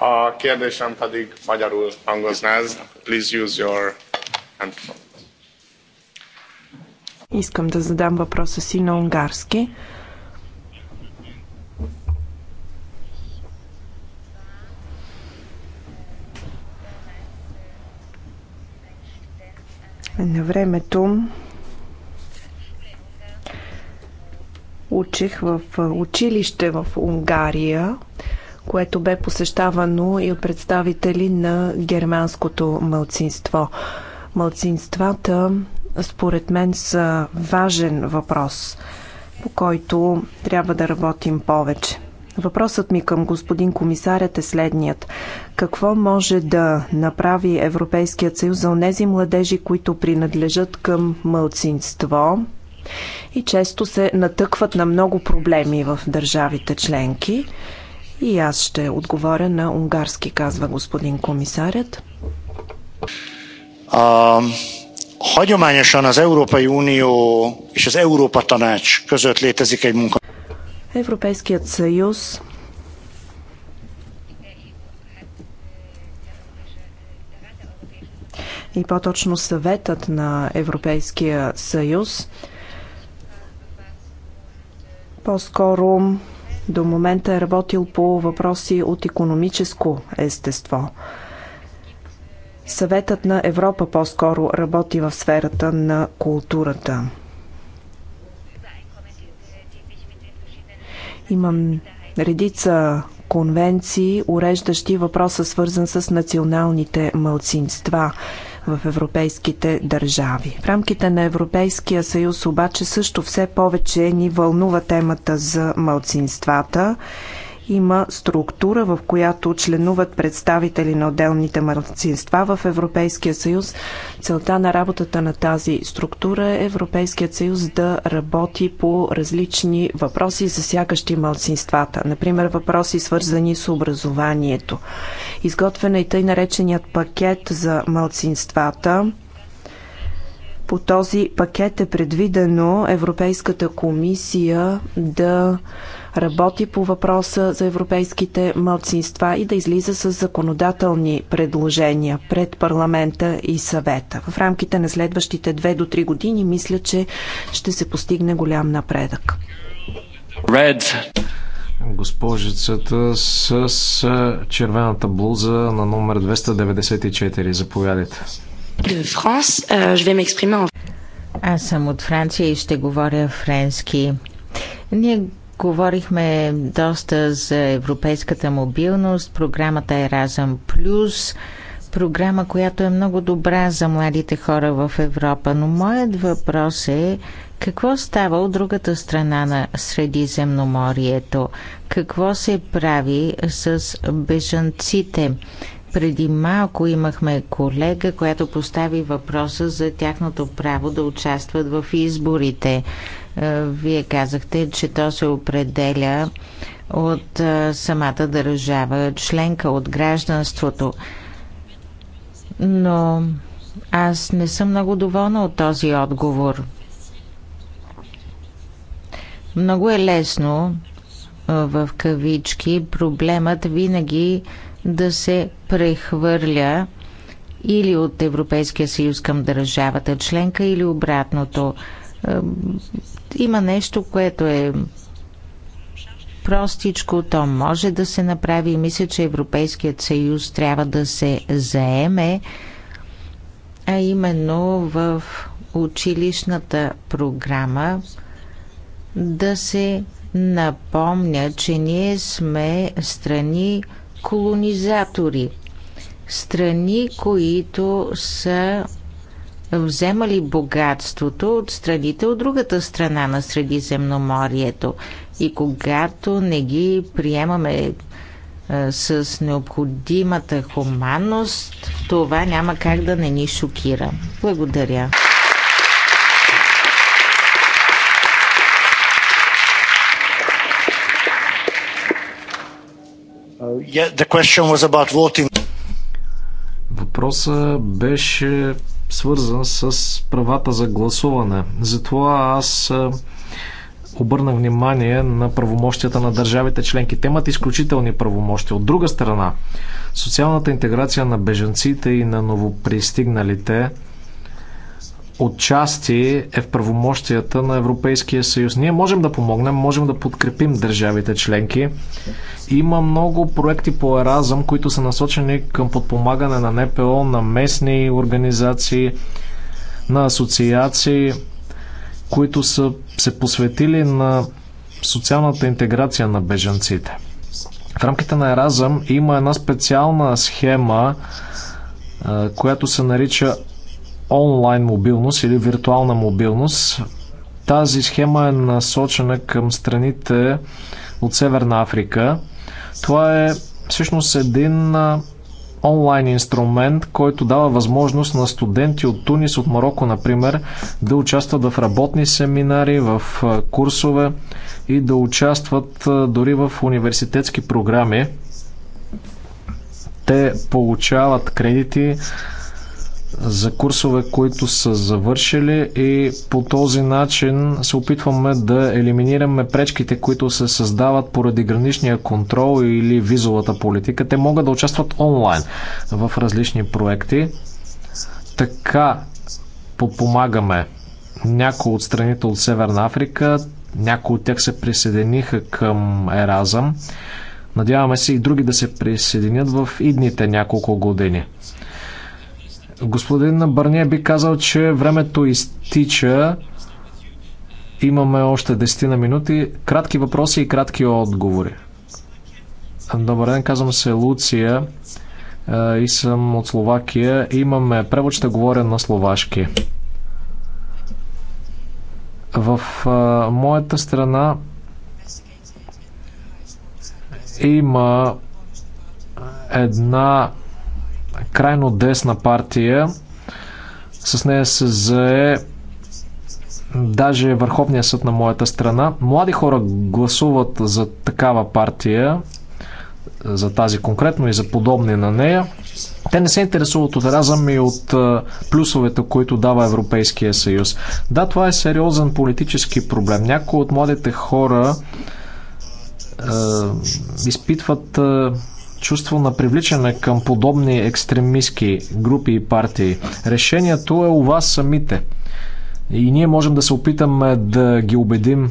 A kérdésem pedig magyarul hangozna ez. Please use your handphone. Искам да задам въпроса си на унгарски. На времето учих в училище в Унгария което бе посещавано и от представители на германското мълцинство. Мълцинствата, според мен, са важен въпрос, по който трябва да работим повече. Въпросът ми към господин комисарят е следният. Какво може да направи Европейският съюз за онези младежи, които принадлежат към мълцинство и често се натъкват на много проблеми в държавите членки? И аз ще отговоря на унгарски, казва господин комисарят. А, hagyományosan az Európai Унио и az Европа Tanács között létezik egy munka. Европейският съюз и по-точно съветът на Европейския съюз по-скоро до момента е работил по въпроси от економическо естество. Съветът на Европа по-скоро работи в сферата на културата. Имам редица конвенции, уреждащи въпроса свързан с националните мълцинства в европейските държави. В рамките на Европейския съюз обаче също все повече ни вълнува темата за малцинствата има структура, в която членуват представители на отделните мълцинства в Европейския съюз. Целта на работата на тази структура е Европейският съюз да работи по различни въпроси, засягащи мълцинствата. Например, въпроси свързани с образованието. Изготвен е и тъй нареченият пакет за мълцинствата, по този пакет е предвидено Европейската комисия да работи по въпроса за европейските мълцинства и да излиза с законодателни предложения пред парламента и съвета. В рамките на следващите 2 до 3 години мисля, че ще се постигне голям напредък. Red. Госпожицата с червената блуза на номер 294. Заповядайте. Euh, Аз съм от Франция и ще говоря френски. Ние Говорихме доста за европейската мобилност, програмата Еразъм Плюс, програма, която е много добра за младите хора в Европа. Но моят въпрос е какво става от другата страна на Средиземноморието? Какво се прави с бежанците? преди малко имахме колега, която постави въпроса за тяхното право да участват в изборите. Е, вие казахте, че то се определя от е, самата държава, членка от гражданството. Но аз не съм много доволна от този отговор. Много е лесно е, в кавички проблемът винаги да се прехвърля или от Европейския съюз към държавата членка или обратното. Има нещо, което е простичко, то може да се направи и мисля, че Европейският съюз трябва да се заеме, а именно в училищната програма да се напомня, че ние сме страни колонизатори. Страни, които са вземали богатството от страните от другата страна на Средиземноморието. И когато не ги приемаме а, е, с необходимата хуманност, това няма как да не ни шокира. Благодаря. Yeah, Въпросът беше свързан с правата за гласуване. Затова аз е, обърна внимание на правомощията на държавите членки. Те имат изключителни правомощия. От друга страна, социалната интеграция на беженците и на новопристигналите отчасти е в правомощията на Европейския съюз. Ние можем да помогнем, можем да подкрепим държавите членки. Има много проекти по Еразъм, които са насочени към подпомагане на НПО, на местни организации, на асоциации, които са се посветили на социалната интеграция на бежанците. В рамките на Еразъм има една специална схема, която се нарича онлайн мобилност или виртуална мобилност. Тази схема е насочена към страните от Северна Африка. Това е всъщност един онлайн инструмент, който дава възможност на студенти от Тунис, от Марокко, например, да участват в работни семинари, в курсове и да участват дори в университетски програми. Те получават кредити за курсове, които са завършили и по този начин се опитваме да елиминираме пречките, които се създават поради граничния контрол или визовата политика. Те могат да участват онлайн в различни проекти. Така подпомагаме някои от страните от Северна Африка, някои от тях се присъединиха към Еразъм. Надяваме се и други да се присъединят в идните няколко години. Господин Барния би казал, че времето изтича. Имаме още 10 на минути. Кратки въпроси и кратки отговори. Добър ден, казвам се Луция и съм от Словакия. Имаме превод, ще говоря на словашки. В моята страна има една крайно десна партия. С нея се зае даже Върховния съд на моята страна. Млади хора гласуват за такава партия, за тази конкретно и за подобни на нея. Те не се интересуват от разъм и от плюсовете, които дава Европейския съюз. Да, това е сериозен политически проблем. Някои от младите хора е, изпитват е, чувство на привличане към подобни екстремистски групи и партии. Решението е у вас самите. И ние можем да се опитаме да ги убедим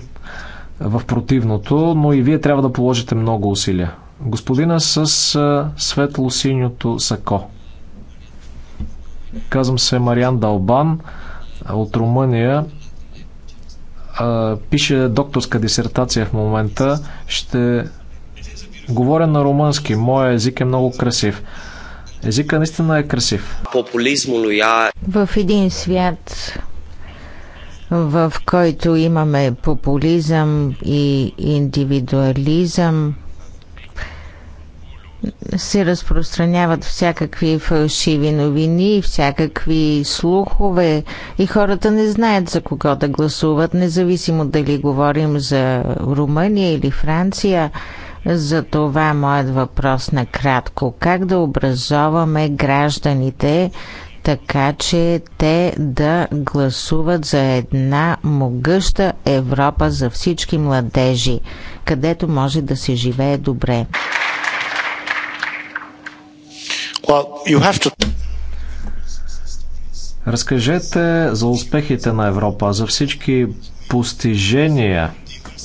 в противното, но и вие трябва да положите много усилия. Господина с светло-синьото сако. Казвам се Мариан Далбан от Румъния. Пише докторска дисертация в момента. Ще Говоря на румънски. Моя език е много красив. Езика наистина е красив. В един свят, в който имаме популизъм и индивидуализъм, се разпространяват всякакви фалшиви новини, всякакви слухове и хората не знаят за кого да гласуват, независимо дали говорим за Румъния или Франция. За това моят въпрос накратко. Как да образоваме гражданите така, че те да гласуват за една могъща Европа за всички младежи, където може да се живее добре? Well, you have to... Разкажете за успехите на Европа, за всички постижения,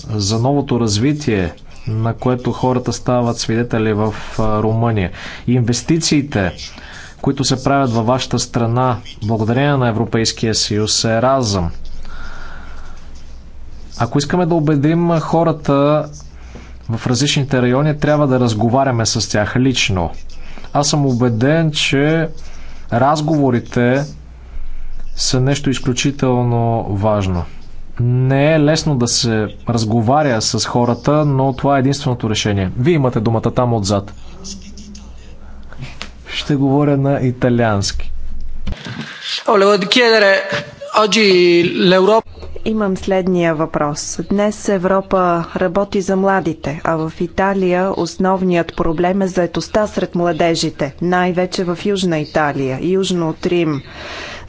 за новото развитие на което хората стават свидетели в Румъния. Инвестициите, които се правят във вашата страна, благодарение на Европейския съюз, е разъм. Ако искаме да убедим хората в различните райони, трябва да разговаряме с тях лично. Аз съм убеден, че разговорите са нещо изключително важно. Не е лесно да се разговаря с хората, но това е единственото решение. Вие имате думата там отзад. Ще говоря на италиански. Имам следния въпрос. Днес Европа работи за младите, а в Италия основният проблем е заетостта сред младежите, най-вече в Южна Италия, южно от Рим.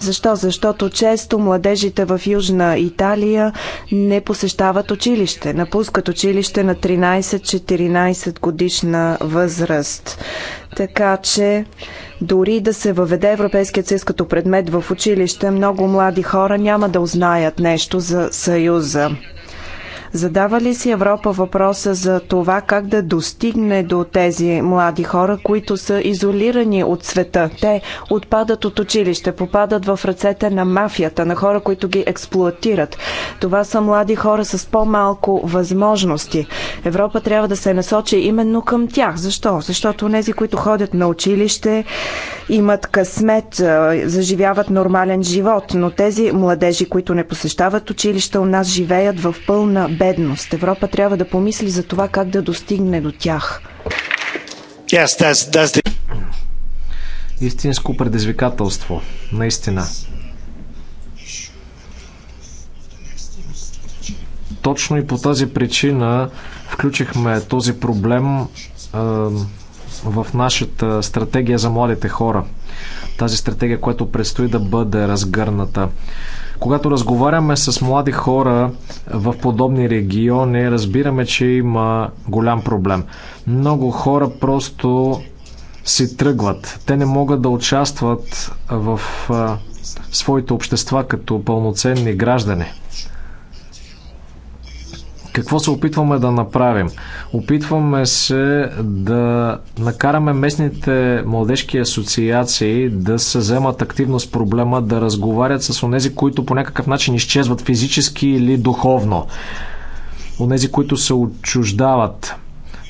Защо? Защото често младежите в Южна Италия не посещават училище, напускат училище на 13-14 годишна възраст. Така че дори да се въведе Европейският съюз като предмет в училище, много млади хора няма да узнаят нещо за Съюза. Задава ли си Европа въпроса за това как да достигне до тези млади хора, които са изолирани от света? Те отпадат от училище, попадат в ръцете на мафията, на хора, които ги експлуатират. Това са млади хора с по-малко възможности. Европа трябва да се насочи именно към тях. Защо? Защото тези, които ходят на училище, имат късмет, заживяват нормален живот, но тези младежи, които не посещават училища, у нас живеят в пълна бедност. Европа трябва да помисли за това как да достигне до тях. Yes, that's, that's the... Истинско предизвикателство, наистина. Точно и по тази причина включихме този проблем е, в нашата стратегия за младите хора. Тази стратегия, която предстои да бъде разгърната. Когато разговаряме с млади хора в подобни региони, разбираме, че има голям проблем. Много хора просто си тръгват. Те не могат да участват в своите общества като пълноценни граждани. Какво се опитваме да направим? Опитваме се да накараме местните младежки асоциации да се вземат активно с проблема, да разговарят с онези, които по някакъв начин изчезват физически или духовно. Онези, които се отчуждават.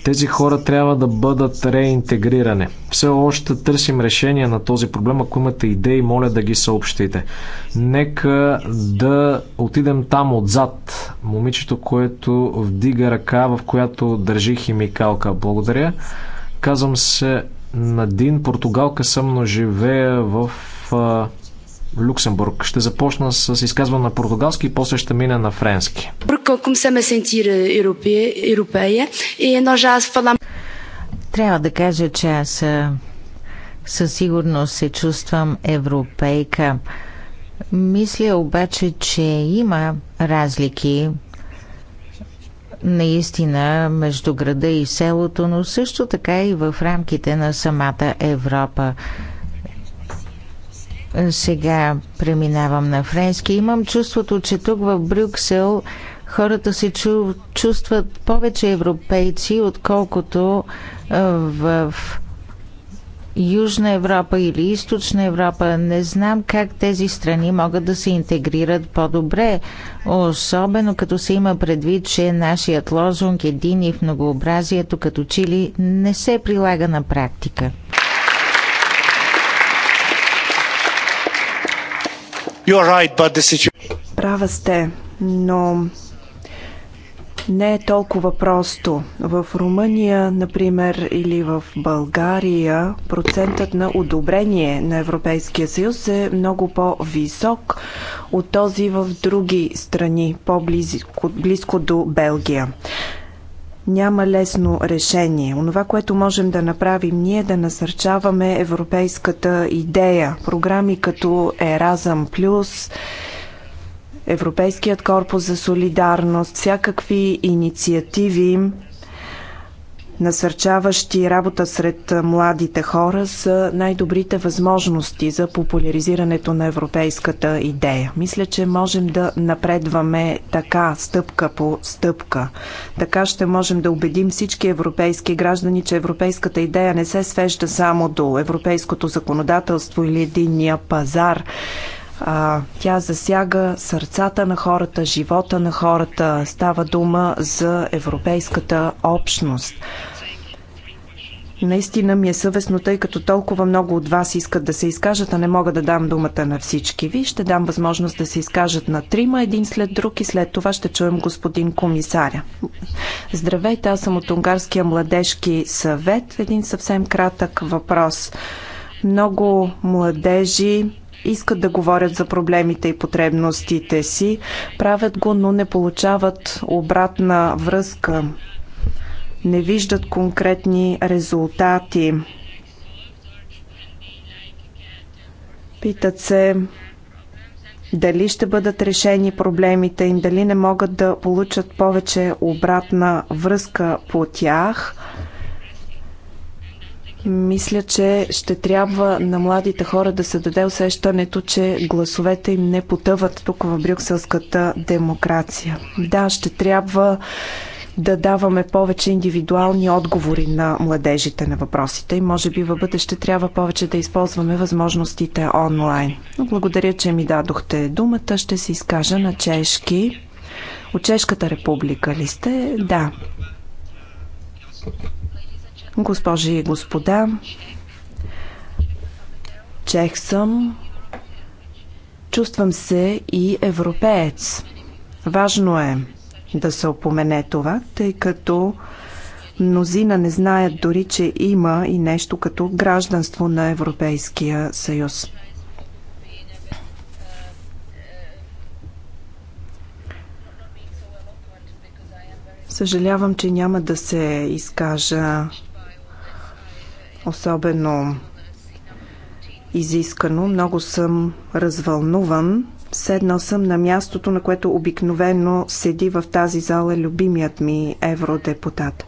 Тези хора трябва да бъдат реинтегрирани. Все още търсим решение на този проблем. Ако имате идеи, моля да ги съобщите. Нека да отидем там отзад. Момичето, което вдига ръка, в която държи химикалка. Благодаря. Казвам се Надин, португалка съм, но живея в Люксембург. Ще започна с изказване на португалски и после ще мина на френски. Трябва да кажа, че аз със сигурност се чувствам европейка. Мисля обаче, че има разлики наистина между града и селото, но също така и в рамките на самата Европа. Сега преминавам на френски. Имам чувството, че тук в Брюксел хората се чу, чувстват повече европейци, отколкото в Южна Европа или Източна Европа. Не знам как тези страни могат да се интегрират по-добре, особено като се има предвид, че нашият лозунг един и в многообразието като чили не се прилага на практика. right, situation... Права сте, но не е толкова просто. В Румъния, например, или в България, процентът на одобрение на Европейския съюз е много по-висок от този в други страни, по-близко до Белгия няма лесно решение. Онова, което можем да направим ние, е да насърчаваме европейската идея. Програми като Еразъм Плюс, Европейският корпус за солидарност, всякакви инициативи, насърчаващи работа сред младите хора са най-добрите възможности за популяризирането на европейската идея. Мисля, че можем да напредваме така, стъпка по стъпка. Така ще можем да убедим всички европейски граждани, че европейската идея не се свежда само до европейското законодателство или единния пазар а, тя засяга сърцата на хората, живота на хората. Става дума за европейската общност. Наистина ми е съвестно, тъй като толкова много от вас искат да се изкажат, а не мога да дам думата на всички ви. Ще дам възможност да се изкажат на трима, един след друг и след това ще чуем господин комисаря. Здравейте, аз съм от Унгарския младежки съвет. Един съвсем кратък въпрос. Много младежи искат да говорят за проблемите и потребностите си, правят го, но не получават обратна връзка, не виждат конкретни резултати. Питат се дали ще бъдат решени проблемите им, дали не могат да получат повече обратна връзка по тях – мисля, че ще трябва на младите хора да се даде усещането, че гласовете им не потъват тук в брюкселската демокрация. Да, ще трябва да даваме повече индивидуални отговори на младежите на въпросите и може би във бъдеще трябва повече да използваме възможностите онлайн. Благодаря, че ми дадохте думата. Ще се изкажа на чешки. От Чешката република ли сте? Да. Госпожи и господа, чех съм, чувствам се и европеец. Важно е да се опомене това, тъй като мнозина не знаят дори, че има и нещо като гражданство на Европейския съюз. Съжалявам, че няма да се изкажа особено изискано. Много съм развълнуван. Седнал съм на мястото, на което обикновено седи в тази зала любимият ми евродепутат.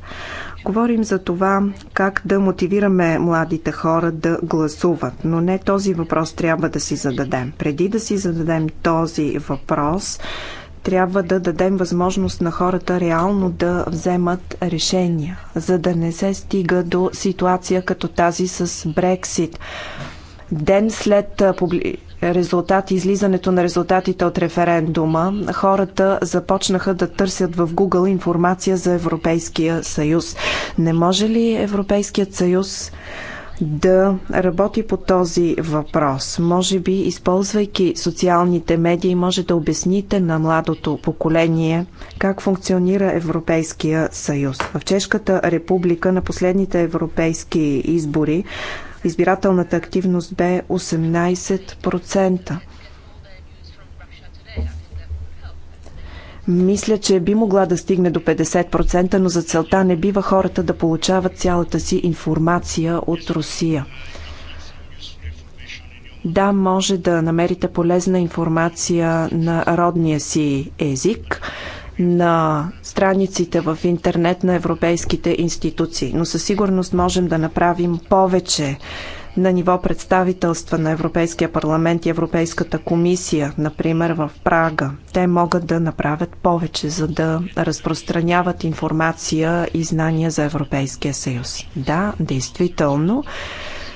Говорим за това как да мотивираме младите хора да гласуват, но не този въпрос трябва да си зададем. Преди да си зададем този въпрос, трябва да дадем възможност на хората реално да вземат решения, за да не се стига до ситуация като тази с Брексит. Ден след резултат, излизането на резултатите от референдума, хората започнаха да търсят в Google информация за Европейския съюз. Не може ли Европейският съюз да работи по този въпрос. Може би, използвайки социалните медии, може да обясните на младото поколение как функционира Европейския съюз. В Чешката република на последните европейски избори избирателната активност бе 18%. Мисля, че би могла да стигне до 50%, но за целта не бива хората да получават цялата си информация от Русия. Да, може да намерите полезна информация на родния си език, на страниците в интернет на европейските институции, но със сигурност можем да направим повече на ниво представителства на Европейския парламент и Европейската комисия, например в Прага. Те могат да направят повече, за да разпространяват информация и знания за Европейския съюз. Да, действително.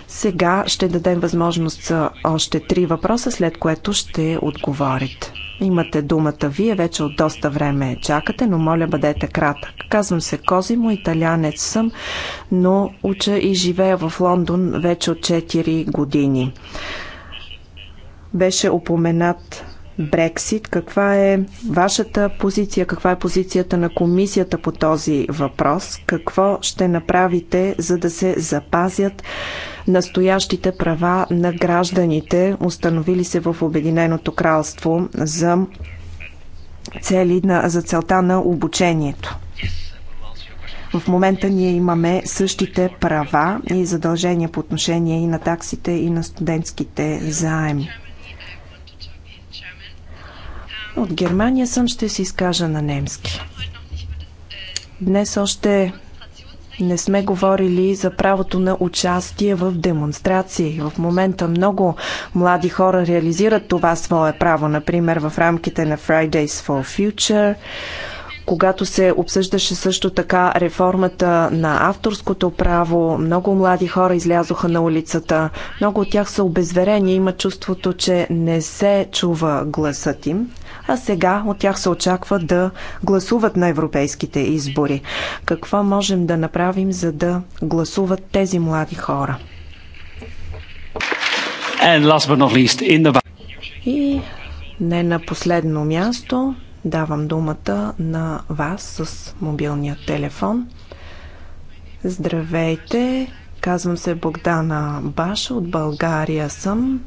Сега ще дадем възможност за още три въпроса, след което ще отговорите. Имате думата вие, вече от доста време чакате, но моля бъдете кратък. Казвам се Козимо, италянец съм, но уча и живея в Лондон вече от 4 години. Беше упоменат Брексит. Каква е вашата позиция? Каква е позицията на комисията по този въпрос? Какво ще направите, за да се запазят настоящите права на гражданите, установили се в Обединеното кралство за цели на, за целта на обучението? В момента ние имаме същите права и задължения по отношение и на таксите, и на студентските заеми. От Германия съм ще се изкажа на немски. Днес още не сме говорили за правото на участие в демонстрации. В момента много млади хора реализират това свое право, например в рамките на Fridays for Future когато се обсъждаше също така реформата на авторското право, много млади хора излязоха на улицата. Много от тях са обезверени, има чувството, че не се чува гласът им а сега от тях се очаква да гласуват на европейските избори. Какво можем да направим, за да гласуват тези млади хора? And last but not least, in the... И не на последно място давам думата на вас с мобилния телефон. Здравейте, казвам се Богдана Баша, от България съм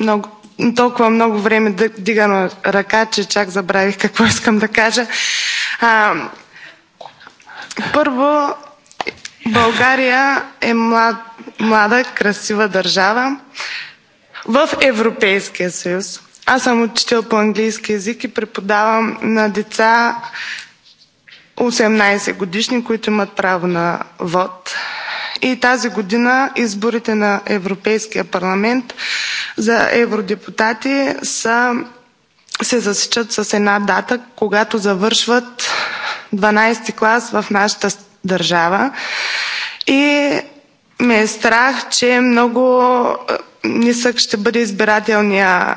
много, толкова много време на ръка, че чак забравих какво искам да кажа. А, първо, България е млад, млада, красива държава в Европейския съюз. Аз съм учител по английски язик и преподавам на деца 18 годишни, които имат право на вод и тази година изборите на Европейския парламент за евродепутати са, се засичат с една дата, когато завършват 12 ти клас в нашата държава. И ме е страх, че много е, нисък ще бъде избирателния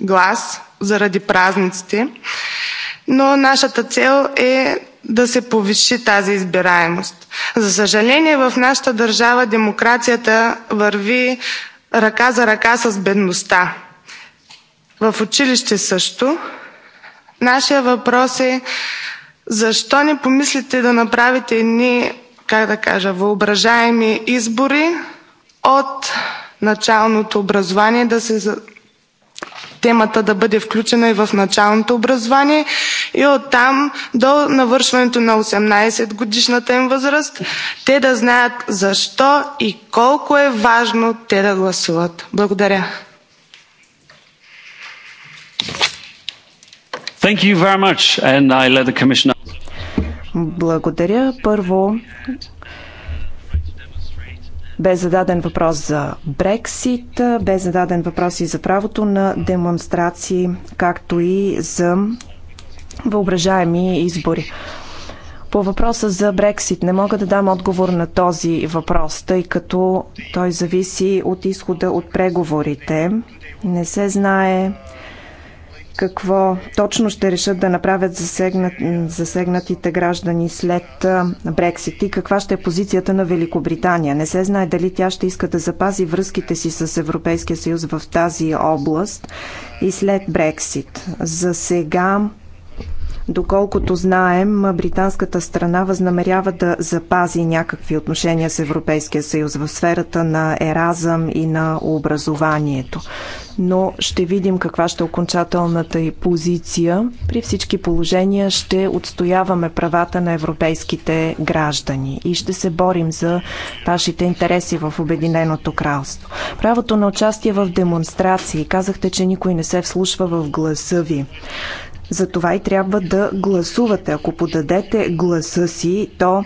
глас заради празниците. Но нашата цел е да се повиши тази избираемост. За съжаление, в нашата държава демокрацията върви ръка за ръка с бедността. В училище също. Нашия въпрос е защо не помислите да направите едни, как да кажа, въображаеми избори от началното образование да се темата да бъде включена и в началното образование и оттам до навършването на 18 годишната им възраст, те да знаят защо и колко е важно те да гласуват. Благодаря. Thank you very much and I let the commissioner... Благодаря. Първо бе зададен въпрос за Брексит, бе зададен въпрос и за правото на демонстрации, както и за въображаеми избори. По въпроса за Брексит не мога да дам отговор на този въпрос, тъй като той зависи от изхода от преговорите. Не се знае какво точно ще решат да направят засегнат, засегнатите граждани след Брексит и каква ще е позицията на Великобритания. Не се знае дали тя ще иска да запази връзките си с Европейския съюз в тази област и след Брексит. За сега Доколкото знаем, британската страна възнамерява да запази някакви отношения с Европейския съюз в сферата на еразъм и на образованието но ще видим каква ще е окончателната и позиция. При всички положения ще отстояваме правата на европейските граждани и ще се борим за вашите интереси в Обединеното кралство. Правото на участие в демонстрации. Казахте, че никой не се вслушва в гласа ви. Затова и трябва да гласувате. Ако подадете гласа си, то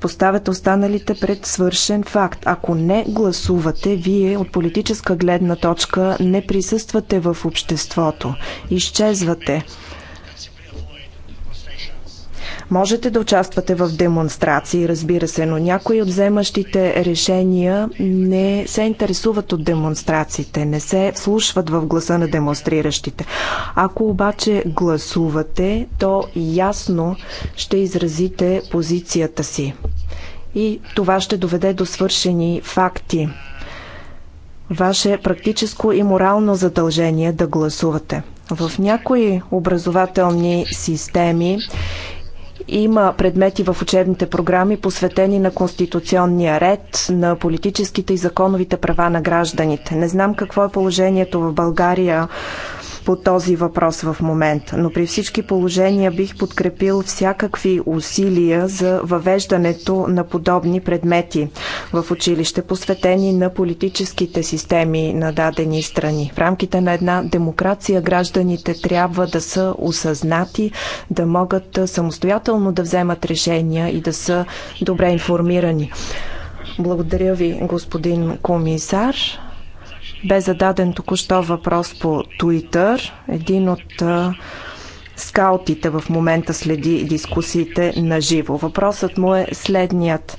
поставяте останалите пред свършен факт. Ако не гласувате, вие от политическа гледна точка не присъствате в обществото. Изчезвате. Можете да участвате в демонстрации, разбира се, но някои от вземащите решения не се интересуват от демонстрациите, не се слушват в гласа на демонстриращите. Ако обаче гласувате, то ясно ще изразите позицията си. И това ще доведе до свършени факти. Ваше практическо и морално задължение да гласувате. В някои образователни системи има предмети в учебните програми, посветени на конституционния ред, на политическите и законовите права на гражданите. Не знам какво е положението в България по този въпрос в момента, но при всички положения бих подкрепил всякакви усилия за въвеждането на подобни предмети в училище, посветени на политическите системи на дадени страни. В рамките на една демокрация гражданите трябва да са осъзнати, да могат самостоятелно да вземат решения и да са добре информирани. Благодаря ви, господин комисар. Бе зададен току-що въпрос по Twitter. Един от скаутите в момента следи дискусиите на живо. Въпросът му е следният.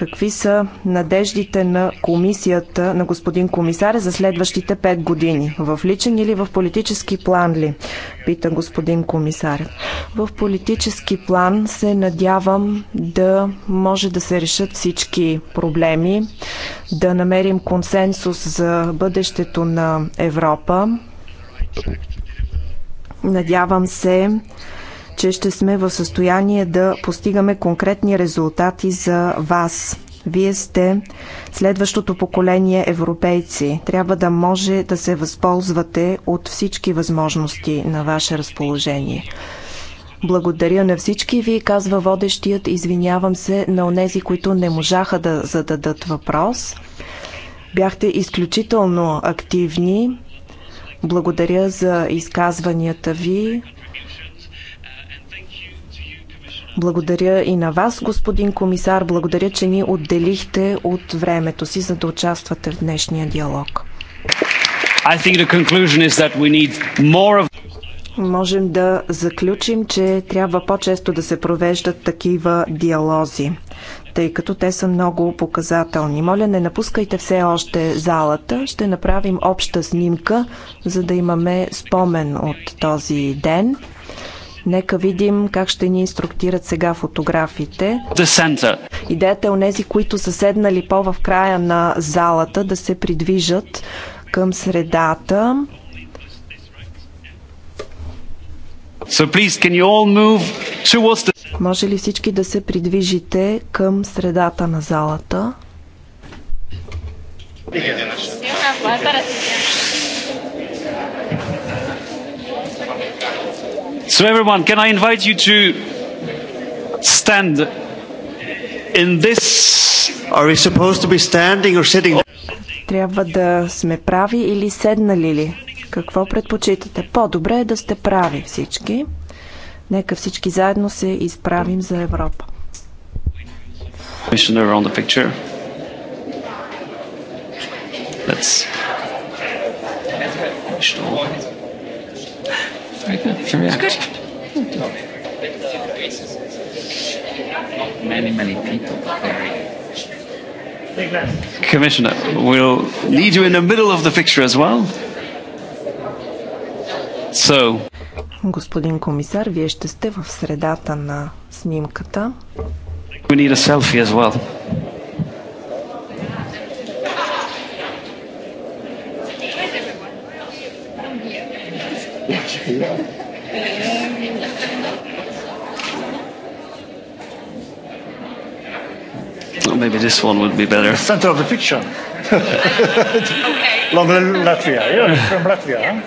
Какви са надеждите на комисията, на господин комисаря за следващите 5 години? В личен или в политически план ли? Пита господин комисаря. В политически план се надявам да може да се решат всички проблеми, да намерим консенсус за бъдещето на Европа. Надявам се че ще сме в състояние да постигаме конкретни резултати за вас. Вие сте следващото поколение европейци. Трябва да може да се възползвате от всички възможности на ваше разположение. Благодаря на всички ви, казва водещият. Извинявам се на онези, които не можаха да зададат въпрос. Бяхте изключително активни. Благодаря за изказванията ви. Благодаря и на вас, господин комисар. Благодаря, че ни отделихте от времето си, за да участвате в днешния диалог. Of... Можем да заключим, че трябва по-често да се провеждат такива диалози, тъй като те са много показателни. Моля, не напускайте все още залата. Ще направим обща снимка, за да имаме спомен от този ден. Нека видим как ще ни инструктират сега фотографите. Идеята е онези, които са седнали по-в края на залата, да се придвижат към средата. So please, can you all move towards the... Може ли всички да се придвижите към средата на залата? So everyone, can I invite you to stand in this? Are we supposed to be standing or sitting? Трябва да сме прави или седнали ли? Какво предпочитате? По-добре е да сте прави всички. Нека всички заедно се изправим за Европа. Let's. Okay, come here. many, many people. Commissioner, we'll need you in the middle of the picture as well. So. Господин комисар, вие ще сте в средата на снимката. We need a selfie as well. Well, maybe this one would be better. The Center of the picture. okay. From Latvia. Yeah, from Latvia.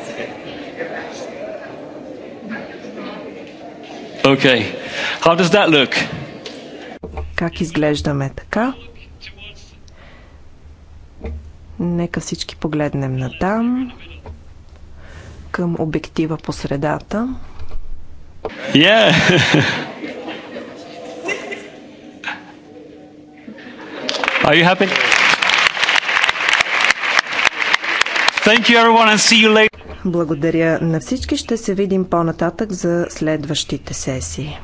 Huh? Okay. How does that look? Как изглеждаме така? Нека всички погледнем на там към обектива по средата. Yeah. Are you happy? Thank you everyone and see you later. Благодаря на всички. Ще се видим по-нататък за следващите сесии.